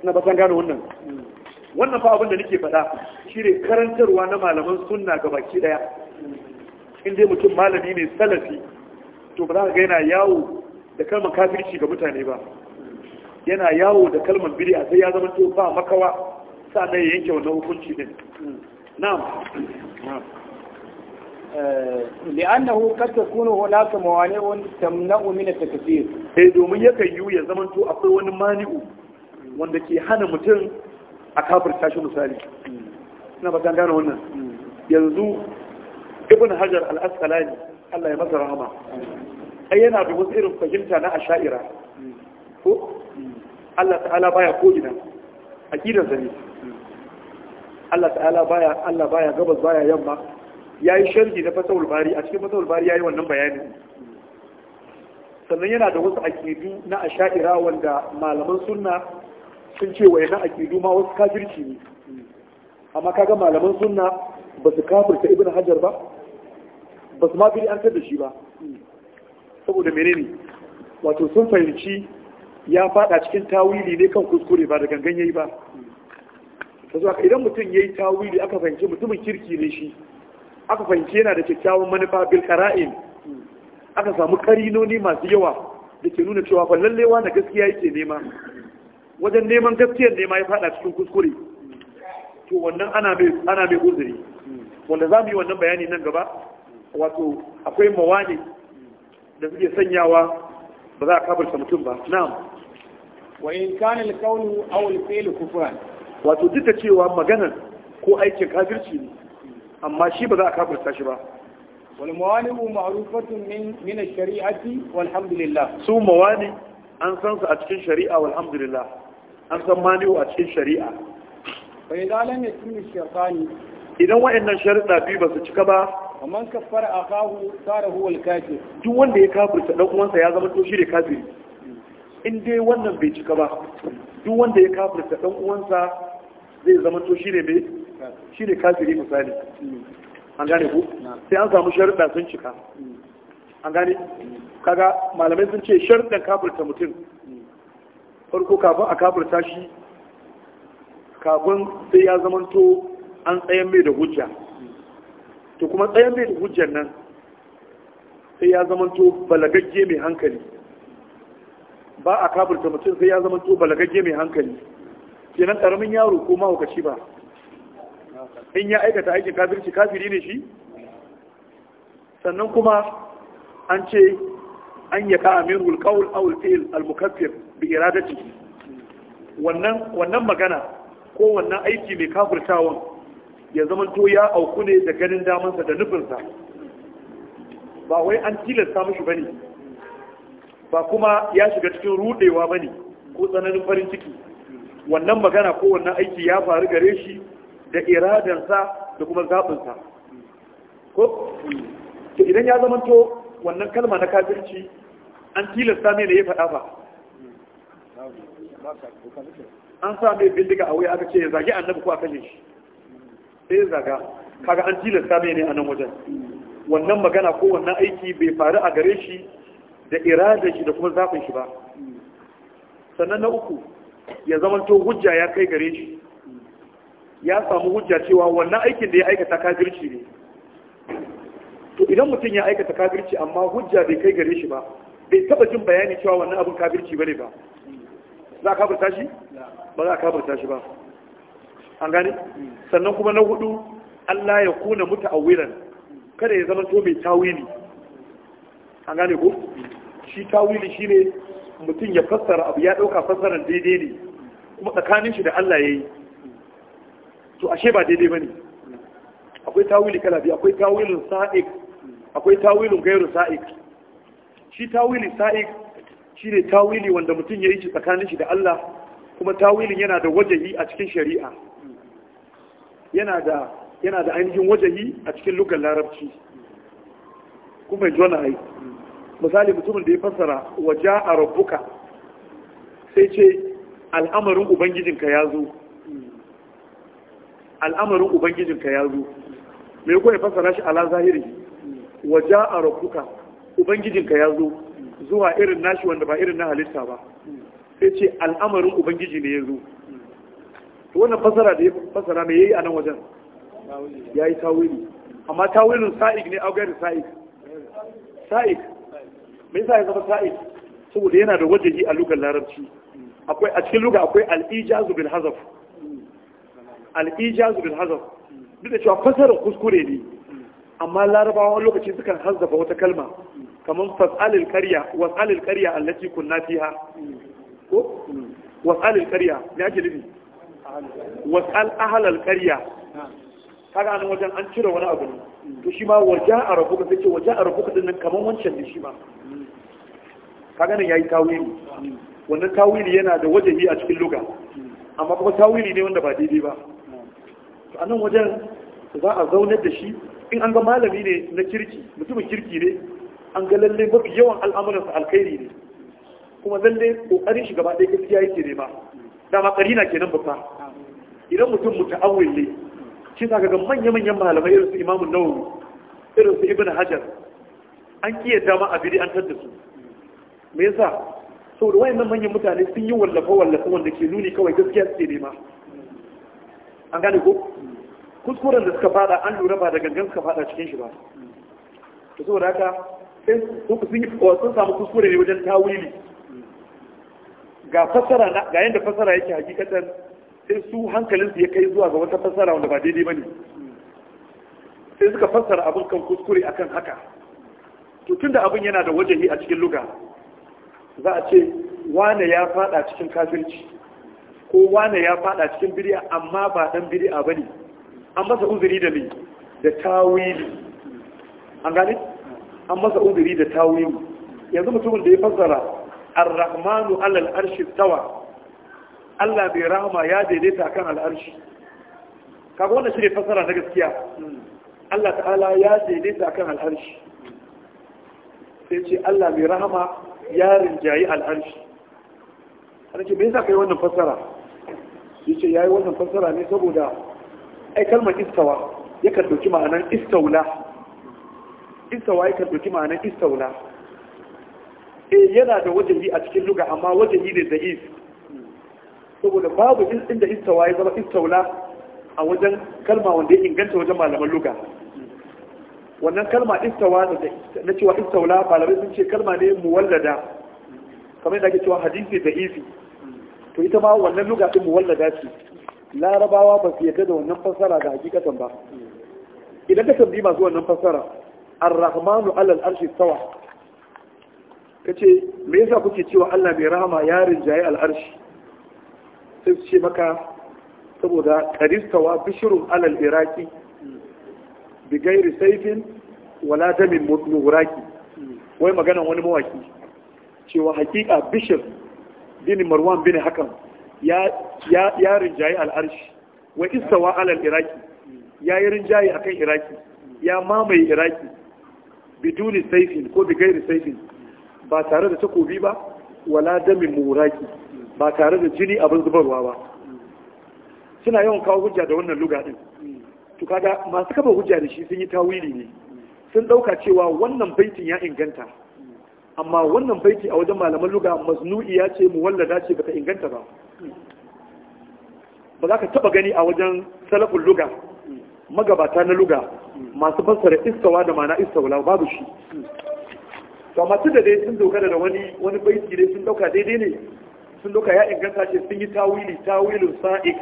na ba san gane wannan wannan fa abin da nake faɗa shine karantarwa na malaman sunna ga baki ɗaya. in dai mutum malami ne salafi to ba za ka ga yana yawo da kalmar kafirci ga mutane ba yana yawo da kalmar a sai ya zama to ba makawa sannan ya yanke wannan hukunci din na'am لأنه قد تكون هناك موانع تمنع من التكفير eh domin yakan yiwu ya zama to akwai wani mani'u wanda ke hana mutum a kafirta tashi misali ina ba gane wannan yanzu ibn hajar al-asqalani Allah ya masa rahama ai yana da wasu irin fahimta na asha'ira ko Allah ta'ala baya ko ina aqidan ne Allah ta'ala baya Allah baya gabas baya yamma yayi sharhi na fasahul bari a cikin fasahul bari yayi wannan bayanin sannan yana da wasu akidu na asha'ira wanda malaman sunna sun ce wa yana akidu ma wasu kafirci ne amma kaga malaman sunna ba su kafirta ibn hajar ba ba su ma biri an da shi ba saboda menene wato sun fahimci ya fada cikin tawili ne kan kuskure ba da gangan yayi ba to zuwa idan mutum yayi tawili aka fahimci mutumin kirki ne shi aka fahimci yana da kyakkyawan manufa bil qara'in aka samu karinoni masu yawa da ke nuna cewa fa lallewa na gaskiya yake nema wajen neman gaskiyar nema ya fada cikin kuskure to wannan ana mai ana mai uzuri wanda za mu yi wannan bayani nan gaba wato akwai mawani da suke sanyawa ba za a kabarta mutum ba na'am wa in kana alqawlu aw alfi'lu kufran wato duk da cewa maganar ko aikin kafirci ne amma shi ba za a kafirta shi ba wal mawani'u ma'rufatun min min ash-shari'ati walhamdulillah su mawani an san su a cikin shari'a walhamdulillah an san mani'u a cikin shari'a bai zalan ne tun shaytani idan wayannan sharuɗa biyu ba su cika ba man kaffara akahu sara huwa al-kafir duk wanda ya kafirta dan uwansa ya zama to shi kafiri in dai wannan bai cika ba duk wanda ya ta dan uwansa zai zama to shine mai ne kafiri misali an gane ku sai an samu sharuɗa sun cika an gane kaga malamai sun ce sharuɗan kafirta mutum farko kafin a kafirta shi kafin sai ya zama to an tsayan mai da hujja to kuma tsayan mai da hujjar nan sai ya zama to balagagge mai hankali ba a kafirta mutum sai ya zama to balagagge mai hankali kenan karamin yaro ko mahaukaci ba in ya aikata aikin kafirci kafiri ne shi sannan kuma an ce an yi ka amirul qawl awul fil al bi wannan wannan magana ko wannan aiki mai kafirtawan ya zama to ya auku ne da ganin damansa da nufinsa ba wai an tilasta ba bane ba kuma ya shiga cikin rudewa ba ne ko tsananin farin ciki wannan magana ko wannan aiki ya faru gare shi da iradansa da kuma zaɓinsa ko idan ya zamanto wannan kalma na kafirci an tilasta ne da ya faɗa ba an sa mai bindiga a wuya aka ce ya zagi annabi ko a ne. shi sai zaga kaga an tilasta mai ne a nan wajen wannan magana ko wannan aiki bai faru a gare shi da iradar shi da kuma zafin shi ba sannan na uku ya to hujja ya kai gare shi ya samu hujja cewa wannan aikin da ya aikata kagirci ne to idan mutum ya aikata kagirci amma hujja bai kai gare shi ba bai taba jin bayani cewa wannan abin kagirci bane ba za ka kafirta shi ba za ka kafirta shi ba an gane sannan kuma na hudu Allah ya kuna wuran kada ya zama to mai tawili an gane ko shi tawili ne mutum ya fassara abu ya ɗauka fassarar daidai ne kuma tsakanin shi da Allah ya yi. to ashe ba daidai ba ne. akwai tawili kala biyu akwai tawilin sa'ik, akwai tawilin gairu sa'ik. shi tawili shi ne tawili wanda mutum ya yi shi tsakanin shi da Allah kuma tawilin yana da wajahi a cikin shari'a yana da yana da ainihin wajahi a cikin lugar larabci kuma ji wani aiki. misali mutumin da ya fassara waje a rabbuka sai ce al'amarin ubangijinka ya zo al'amarin ubangijinka ya zo mai kuwa ya fassara shi ala zahiri waje a rabbuka ubangijinka ya zo zuwa irin nashi wanda ba irin na halitta ba sai ce al'amarin ubangiji ne ya zo wannan fasara da ya fassara mai yayi a nan wajen ya yi tawili amma tawilin sa'ig ne au gairi sa'ig sa'id me yasa ya zama sa'id saboda yana da wajahi a lugar larabci akwai a cikin lugar akwai al-ijazu bil hazaf al-ijazu bil hazaf duk da cewa fasara kuskure ne amma larabawa wani lokaci sukan hazzafa wata kalma kamar fas'alil qarya was'alil qarya allati kunna fiha ko was'alil qarya me ake nufi was'al ahlal qarya kaga nan wajen an cire wani abu ne to shi ma waje a rabuka sai ce waje a rabu din nan kaman wancan ne shi ma kaga nan yayi tawili wannan tawili yana da wajahi a cikin luga amma kuma tawili ne wanda ba daidai ba to anan wajen za a zaunar da shi in an ga malami ne na kirki mutumin kirki ne an ga lalle mafi yawan al'amuransa alkhairi ne kuma lalle kokarin shi gaba ɗaya gaskiya yake ba. dama karina kenan babba idan mutum muta'awwil ne shi za ga manya-manyan malamai irinsu su imamun nawawi irinsu ibn hajar an kiyata ma a biri an tadda su me yasa saboda wayannan manyan mutane sun yi wallafa wallafa wanda ke nuni kawai gaskiya suke nema an gane ko kuskuren da suka fada an lura ba da gangan suka fada cikin shi ba to saboda haka sai sun yi sun samu kuskure ne wajen tawili ga fasara ga yanda fasara yake hakikatan sai su hankalinsu ya kai zuwa ga wata fassara wanda ba daidai ba ne sai suka fassara abin kan kuskure akan haka to da abin yana da wajahi a cikin luga za a ce wane ya fada cikin kafirci ko wane ya fada cikin biri'a, amma ba dan ba bane an masa uzuri da me da tawili an gane an masa uzuri da tawili yanzu mutumin da ya fassara ar-rahmanu 'ala al-arshi tawa Allah mai rahama ya daidaita kan al'arshi kaga wannan shi ne fasara na gaskiya Allah ta'ala ya daidaita kan al'arshi sai ce Allah mai rahama ya rinjayi al'arshi har ce me yasa kai wannan fasara Ya ce ya yi wannan fasara ne saboda ai kalmar istawa yakan dauki ma'anar istaula istawa ya yakan dauki ma'anar istaula eh yana da wajen yi a cikin luga amma wajen yi ne da'if saboda babu inda da istawa ya zama istaula a wajen kalma wanda ya inganta wajen malaman luga wannan kalma istawa na cewa istaula malamai sun ce kalma ne muwallada kamar yadda ake cewa hadisi da Isi. to ita ma wannan luga din muwallada ce larabawa ba su yarda da wannan fassara ga hakikatan ba idan ka tambayi masu wannan fassara ar-rahmanu alal arshi tawa kace me yasa kuke cewa Allah mai rahama ya rinjaye al-arshi sai su ce maka saboda karistawa bishirun alal iraki bi gairi saifin wala damin muraki wai maganan wani mawaki cewa hakika bishir bin marwan bin hakan ya rinjaye al'arshi wa istawa alal iraki ya yi rinjaye akan iraki ya mamaye iraki biduni saifin ko bi gairi saifin ba tare da takobi ba wala damin muraki ba tare da jini abin zubarwa ba suna yawan kawo hujja da wannan luga din to kaga masu kafa hujja da shi sun yi tawili ne sun dauka cewa wannan baitin ya inganta amma wannan baiti a wajen malaman luga ya ce mu muwallada ce bata inganta ba ba za ka taba gani a wajen salafin luga magabata na luga masu fassara istawa da mana istawla babu shi to masu da dai sun dogara da wani wani baiti dai sun dauka daidai ne sun doka ya inganta ce sun yi tawili tawilin sa'ik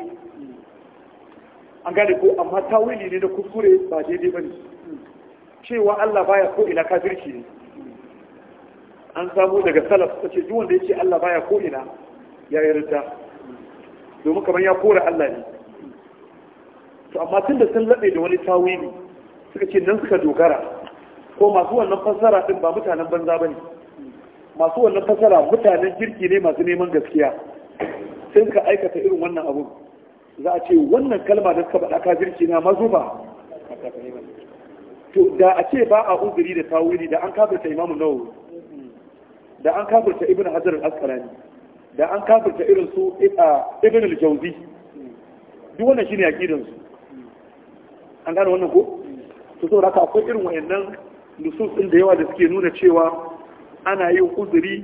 an gane ko amma tawili ne na kuskure ba daidai ba ne cewa Allah baya ko ina kafirci ne an samu daga salaf ta ce duwanda ya ce Allah baya ko ina ya yi rinta domin kamar ya kora Allah ne to amma tun da sun laɓe da wani tawili suka ce nan suka dogara ko masu wannan fassara din ba mutanen banza ba ne masu wannan fasara mutanen jirki ne masu neman gaskiya sai suka aikata irin wannan abu za a ce wannan kalma da suka faɗa jirki na ba to da a ce ba a uzuri da tawili da an kafirta imamu nawawi da an kafirta ibn hajar al-asqalani da an kafirta irin su ibn al-jawzi duk wannan shine aqidan su an gane wannan ko to saboda haka akwai irin wayannan nusus din da yawa da suke nuna cewa ana yin uzuri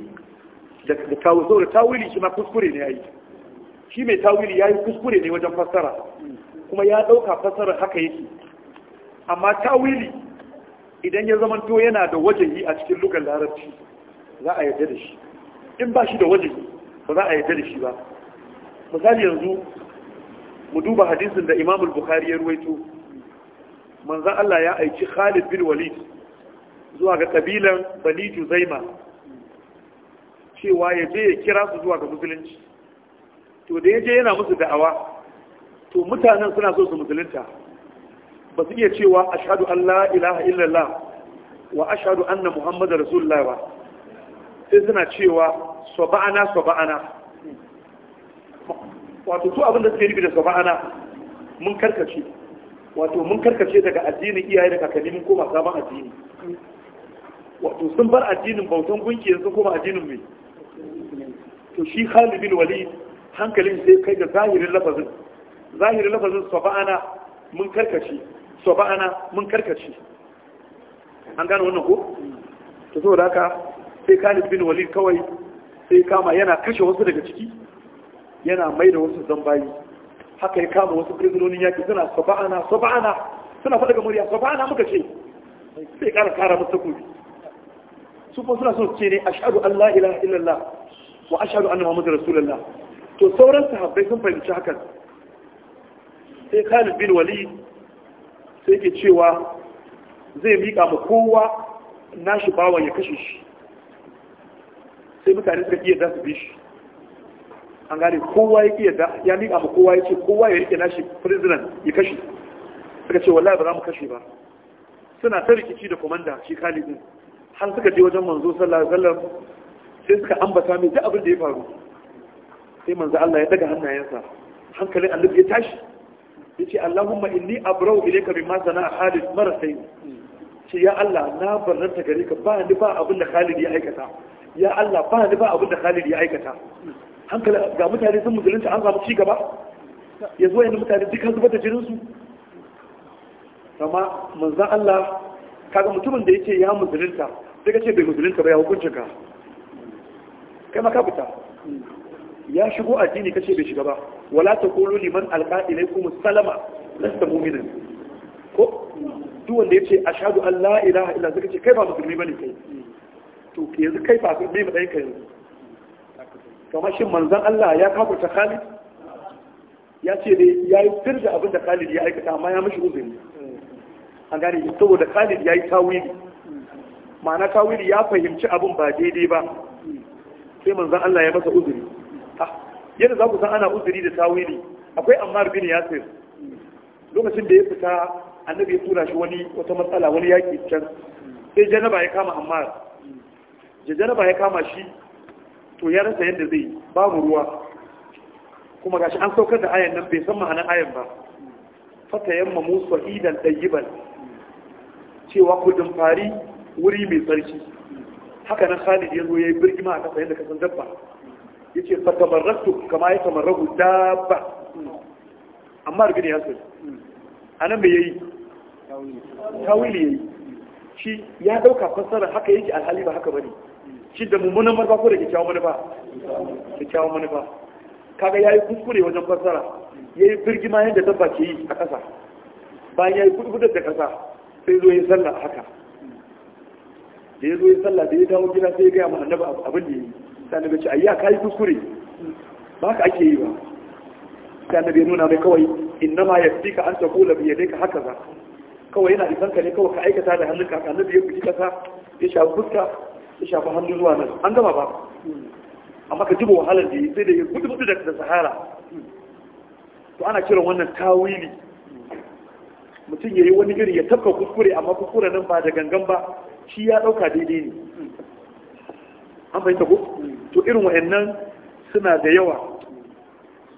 da tawo saboda tawili shi ma kuskure ne yayi shi mai tawili yi kuskure ne wajen fassara kuma ya dauka fassara haka yake amma tawili idan ya zamanto yana da yi a cikin lugar larabci za a yarda da shi in ba shi da wajen, ba za a yarda da shi ba misali yanzu mu duba hadisin da Imamul Bukhari ya ruwaito manzon Allah ya aiki Khalid bin Walid zuwa ga kabilan bani juzaima cewa ya je ya kira su zuwa ga musulunci to da ya je yana musu da'awa to mutanen suna so su musulunta ba su iya cewa ashadu Allah ilaha illallah wa ashadu na muhammadu rasulullah ba sai suna cewa saba'ana saba'ana wato su abinda suke nufi da saba'ana mun karkace wato mun karkace daga addinin iyaye da kakanni mun koma sabon addini wato sun bar addinin bautan gunki yanzu kuma addinin mai to shi bin wali hankalin sai kai ga zahirin lafazin zahirin lafazin saba'ana mun karkace saba'ana mun karkace an gano wannan ko to saboda haka sai khalid bin walid kawai sai kama yana kashe wasu daga ciki yana mai da wasu zambayi haka ya kama wasu prisonin yaki suna saba'ana saba'ana suna fada ga murya saba'ana muka ce sai ƙara kara musu takobi su kuma suna so ce ne a an la ilaha illallah wa ashhadu anna muhammadar rasulullah to sauran sahabbai sun fahimci hakan sai Khalid bin Walid sai ke cewa zai miƙa ma kowa nashi bawan ya kashe shi sai mutane suka iya da su bi shi an gane kowa ya iya da ya miƙa ma kowa ya ce kowa ya rike nashi prisoner ya kashe suka ce wallahi ba za mu kashe ba suna ta rikici da komanda shi Khalid din har suka je wajen manzo sallallahu alaihi wasallam sai suka ambata mai duk abin da ya faru sai manzo Allah ya daga hannayensa hankalin Allah ya tashi yace Allahumma inni abrau ilayka bima sana'a Khalid maratayn ce ya Allah na barranta gare ka ba ni ba abin da Khalid ya aikata ya Allah ba ni ba abin da Khalid ya aikata hankali ga mutane sun musulunci an samu ci gaba ya zo yanzu mutane duk an zubar da jirin su amma manzon Allah kaga mutumin da yake ya musulunta sai ka ce bai musulunta ba ya hukuncin ka kai maka fita ya shigo addini ce bai shiga ba wala ta kolo liman na kuma salama lasta mu'minin ko duk wanda ce a shaɗu allah ila ila zaka ce kai ba musulmi ba ne kai to yanzu kai ba su bai dai kai yanzu kamar shin manzan Allah ya kafurta Khalid ya ce dai yayi da abin da Khalid ya aikata amma ya mishi uzuri an gane saboda Khalid yi tawili ma'ana tawili ya fahimci abin ba daidai ba sai manzan Allah ya masa uzuri ah, yadda za ku san ana uzuri da tawili akwai ammar bin yasir lokacin da ya fita annabi ya tura shi wani wata matsala wani yaƙi can sai janaba ya kama ammar da janaba ya kama shi to ya rasa yadda zai babu ruwa kuma gashi an saukar da ayan nan bai san ma'anar ayan ba fata yamma musu idan ɗayyiban cewa ku dumfari wuri mai tsarki haka nan Khalid ya zo yayi birgima a kafa yadda kasan dabba yace fa tabarraktu kama ya tamarrahu dabba amma rigini ya so anan me yayi tawili yayi shi ya dauka fassara haka yake alhali ba haka bane shi da mummunan marba ko da kyakkyawan manufa kyakkyawan manufa kaga yayi kuskure wajen fassara yayi birgima yadda dabba ke yi a kasa bayan yayi kudu da kasa sai zo yayi sallah haka da ya zo ya sallah da ya dawo gida sai ya gaya mu annabi abin da ya yi sai annabi ce ayya kai kuskure ba ka ake yi ba sai annabi ya nuna mai kawai inna ma yafika an taqula bi yadayka hakaza kawai yana isanka ne kawai ka aikata da hannunka ka annabi ya buji kasa ya shafi fuska ya shafi hannu zuwa nan an gama ba amma ka duba wahalar da ya sai da ya gudu gudu da sahara to ana kiran wannan tawili mutum ya yi wani iri ya tafka kuskure amma kuskure nan ba da gangan ba shi ya ɗauka daidai ne an fahimta ko to irin wa'annan suna da yawa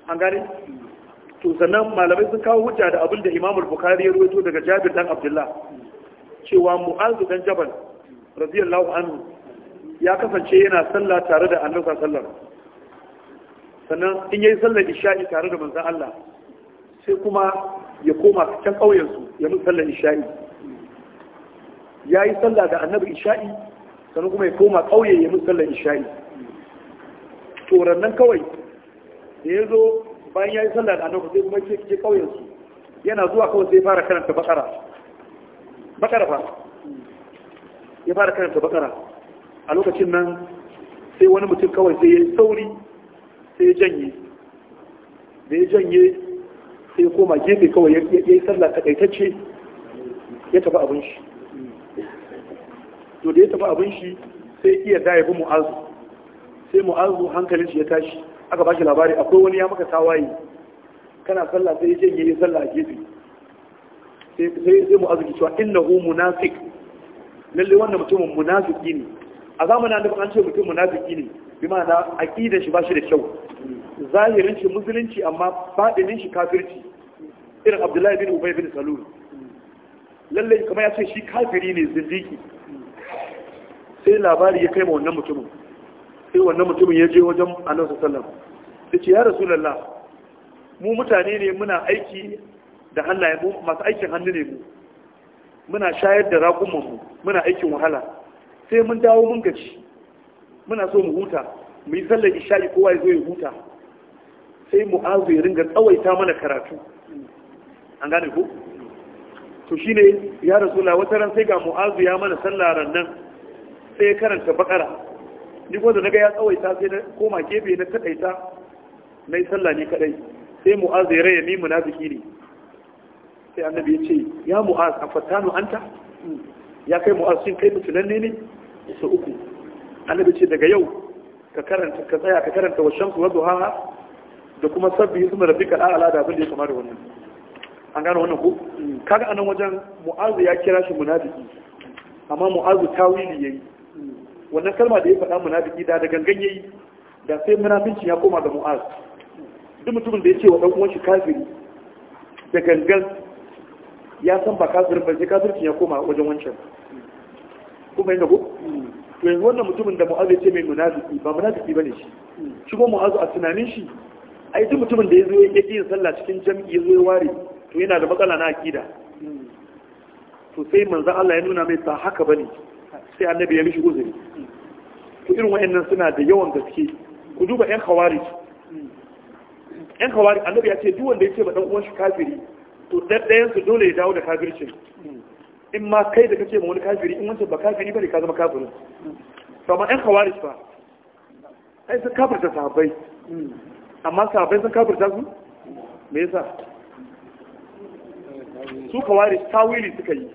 an gane to sannan malamai sun kawo hujja da abin da imamul bukari ya ruwaito daga jabir dan abdullah cewa mu'az dan jabal radiyallahu anhu ya kasance yana sallah tare da annabi sallallahu sannan in yayi sallar isha'i tare da manzon Allah sai kuma ya koma cikin kauyen su ya musu sallar isha'i ya yi sallah da annabi isha'i sannan kuma ya koma ƙauye ya musu tsallar isha'i to kawai da ya zo bayan ya yi sallah da annabi sai kuma ke ke ƙauyensu yana zuwa kawai sai fara karanta bakara bakara fa ya fara karanta bakara a lokacin nan sai wani mutum kawai sai ya yi sauri sai ya janye da ya janye sai ya koma gefe kawai ya yi sallah takaitacce ya tafi abin shi to da ya taba abin shi sai iya da ya bi mu'azu sai mu'azu hankalin shi ya tashi aka bashi labari akwai wani ya maka tawaye kana sallah sai ya ce sallah a gefe sai sai mu'azu ki cewa innahu munafiq lalle wannan mutumin munafiki ne a zamanin annabi an ce mutum munafiki ne bi ma'ana aqidar shi bashi da kyau zahirin shi musulunci amma fadinin shi kafirci irin abdullahi bin ubay bin salul lalle kamar ya ce shi kafiri ne zindiki sai labari ya kai ma wannan mutumin sai wannan mutumin ya je wajen annabi sallallahu da ce ya rasulullah mu mutane ne muna aiki da hannaye mu masu aikin hannu ne mu muna shayar da raƙuman mu muna aikin wahala sai mun dawo mun gaci muna so mu huta mu yi sallar isha'i kowa ya zo ya huta sai mu'azu ya ringa tsawaita mana karatu an gane ko to shine ya rasulullah wata ran sai ga mu'azu ya mana sallar nan sai ya karanta bakara ni ko da naga ya tsawaita sai na koma gefe na kadaita na yi sallah ne kadai sai mu'az ya raya ni munafiki ne sai annabi ya ce ya mu'az a fatanu anta ya kai mu'az shin kai mutunanne ne su uku annabi ce daga yau ka karanta ka tsaya ka karanta wa shamsu wa duhaha da kuma sabbi ismi rabbikal a'la da abin da ya kama da wannan an gano wannan ko mm. kaga anan wajen mu'az ya kira shi munafiki amma mu'az tawili yayi wannan kalma da ya faɗa munafiki da da gangan yayi da sai munafici ya koma ga mu'az duk mutumin da ya ce wa ɗan shi kafiri da gangan ya san ba kafiri ba sai kafircin ya koma wajen wancan kuma yana go? to yanzu wannan mutumin da mu'az ya ce mai munafiki ba munafiki bane shi shi ko mu'az a tunanin shi ai duk mutumin da ya zo ya yin sallah cikin jami'i ya zo ya ware to yana da matsala na akida to sai manzo Allah ya nuna mai sa haka bane sai annabi ya mishi uzuri to irin wayannan suna da yawan gaske ku duba yan khawarij yan khawarij annabi ya ce duk wanda ya ce ba dan uwan shi kafiri to daddayan su dole ya dawo da kafircin in ma kai da kace ma wani kafiri in wancan ba kafiri bane ka zama kafirin kamar yan khawarij ba ai kafir kafirta sahabbai amma sahabbai sun kafirta su me yasa su kawari tawili suka yi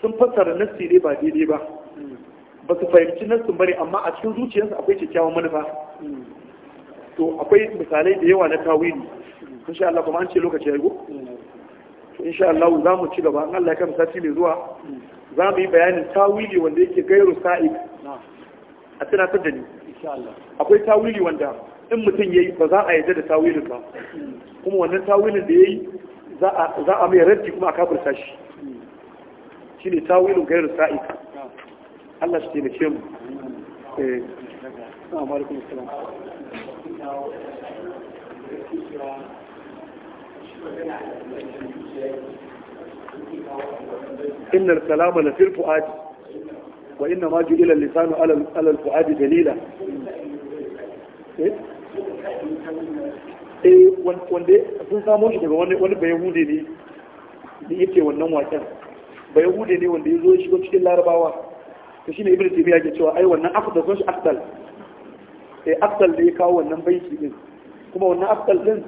sun fassara nassi ne ba daidai ba ba su fahimci nassin bane amma a cikin zuciyarsu akwai kyakkyawan manufa to akwai misalai da yawa na tawili insha Allah kuma an ce lokaci ya yi to insha Allah za mu ci gaba in Allah ya kama sati mai zuwa za mu yi bayanin tawili wanda yake gairu sa'id a tunatar da ni akwai tawili wanda in mutum ya yi ba za a yarda da tawilin ba kuma wannan tawilin da ya yi za a mai raddi kuma a kafirta shi شيء تاويل وغير سائق هلا شيء بشم السلام عليكم السلام إن الكلام لفي الفؤاد وإنما جاء إلى اللسان على الفؤاد دليلا إيه وان وان ده سنسامو إيه وان وان بيهودي دي دي إيه وان نمو أكثر ba hude ne wanda ya zo ya shigo cikin larabawa to shine ibnu taymiya yake cewa ai wannan afdal sun shi afdal eh afdal da ya kawo wannan baiti din kuma wannan afdal din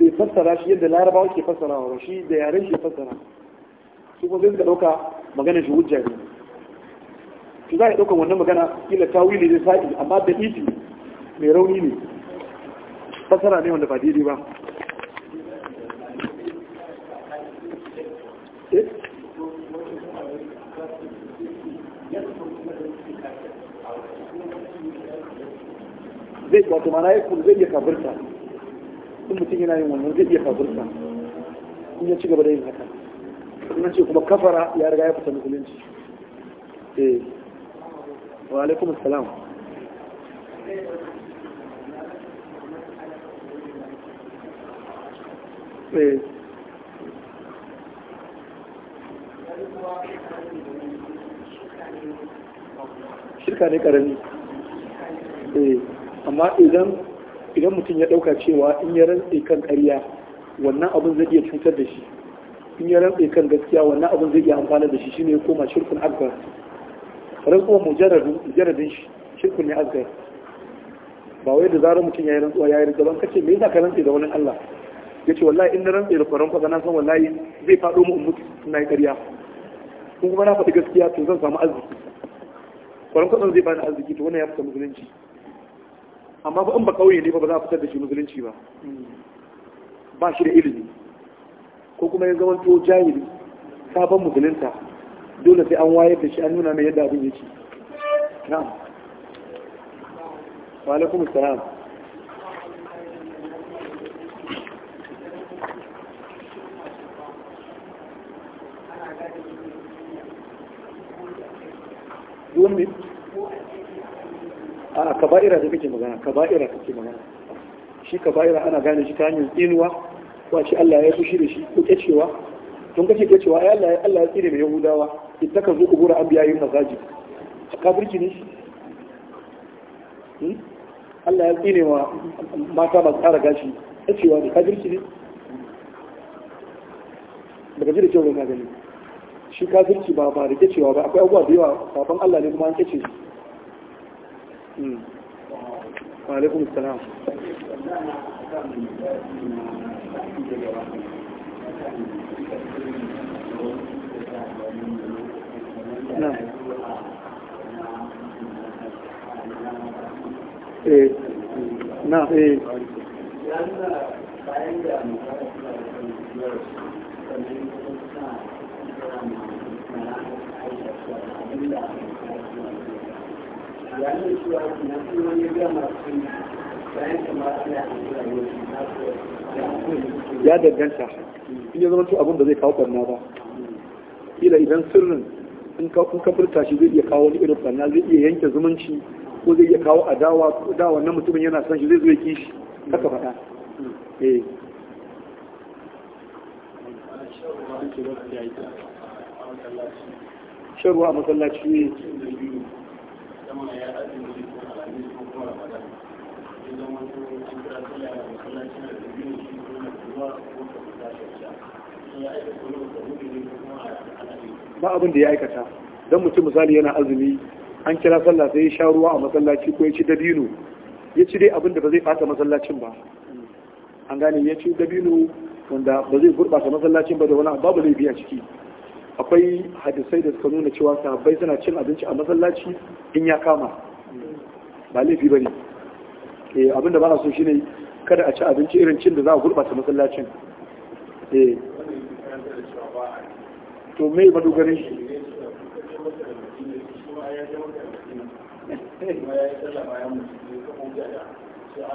bai fassara shi yadda larabawa ke fassarawa ba shi da yaren shi fassara su kuma sai suka dauka magana shi hujja ne to za a dauka wannan magana kila tawili ne sa'i amma da iti mai rauni ne fassara ne wanda ba daidai ba zai wato mana ya kuma zai iya kafirta in mutum yana yin wannan zai iya kafirta in ya ci gaba da yin haka in ce kuma kafara ya riga ya fita musulunci eh wa alaikum assalam eh shirka ne karami eh amma idan idan mutum ya ɗauka cewa in ya rantse kan ƙarya wannan abin zai iya cutar da shi in ya rantse kan gaskiya wannan abin zai iya amfana da shi shine ya koma shirkun akbar rantsuwa mujarradin mujarradin shi shirkun ne akbar ba wai da zarar mutum ya yi rantsuwa ya yi rantsuwa ban kace me yasa ka rantse da wani Allah ya ce wallahi in na rantse da faran fasa na san wallahi zai faɗo mu mutu na yi ƙarya kun kuma na faɗi gaskiya to zan samu arziki faran fasa zai bani arziki to wannan ya fita musulunci amma ba in ba kauye ne ba za a fitar da shi musulunci ba ba shi da ilimi ko kuma ya zamanto to jahili sabon musulunta dole sai an wayar da shi an nuna mai yadda abin yake na'am wa a kaba'ira da kake magana kaba'ira kake magana shi kaba'ira ana gane shi ta hanyar inuwa ko ce Allah ya fushi da shi ko cewa? don kace kecewa ai Allah Allah ya tsire mai yahudawa ka zo kubura biya yin mazaji kafirci ne hmm? Allah ya tsire wa mata ba tsara gashi kecewa da kafirci ne daga jira cewa kyau ga gani shi kafirci ba ba da cewa ba akwai abubuwa da yawa baban Allah ne kuma an kace shi Hmm. alaikum salam na eh na eh bayan da mutane ya danganta in ya zama abin da zai kawo barna ba kila idan sirrin in ka furta shi zai iya kawo wani irin barna zai iya yanke zumunci ko zai iya kawo adawa ko da wannan mutumin yana son shi zai zo ya kishi haka faɗa eh shan a masallaci ne ya aikata ba abin da ya aikata don mutum misali yana azumi an kira sallah sai ya sha ruwa a masallaci ko ya ci dabino ya ci dai abin da ba zai fata masallacin ba an gane ya ci dabino wanda ba zai gurɓata masallacin ba da wani babu laifi a ciki akwai hadisai da suka nuna cewa sahabbai suna cin abinci a masallaci in ya kama ba laifi ba ne eh, abin da ba a so shi ne kada a ci abinci irin cin da za a gurɓata masallacin eh. to mai madogarin shi ya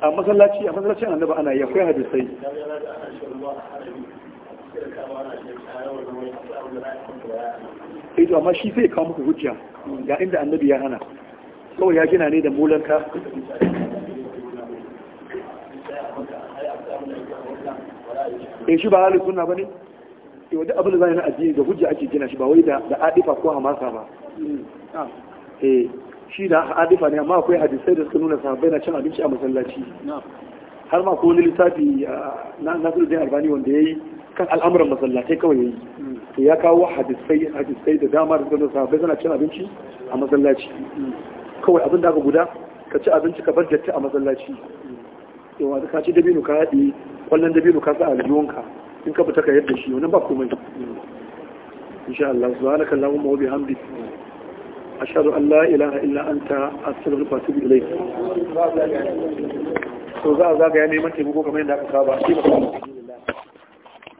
a masallaci a masallacin annabi ana yi akwai hadisai eh amma shi sai kawo muku hujja ga inda annabi ya hana kawai ya gina ne da mulanka ya eh, shi ba halin ba ne ya eh, wanda abin da zai na addini da hujja ake gina shi ba wai da adifa ko hamasa ba hmm. eh. shi da hadifa ne amma akwai hadisai da suka nuna sahabbai na cin abinci a masallaci har ma ko wani lissafi na nasiruddin albani wanda ya yi kan al'amuran masallatai kawai ya yi mm. to ya kawo hadisai hadisai da dama da suka sahabbai suna cin abinci a masallaci mm. kawai abin da aka guda ka ci abinci ka bar datti a masallaci to mm. yawa ka ci dabino ka haɗe kwallon dabino ka sa a ka in ka fita ka yadda shi wani ba komai insha Allah subhanaka Allahumma wa bihamdika ashhadu an la ilaha illa anta astaghfiruka wa atubu ilayk to za a zagaya neman taimako kamar yadda aka saba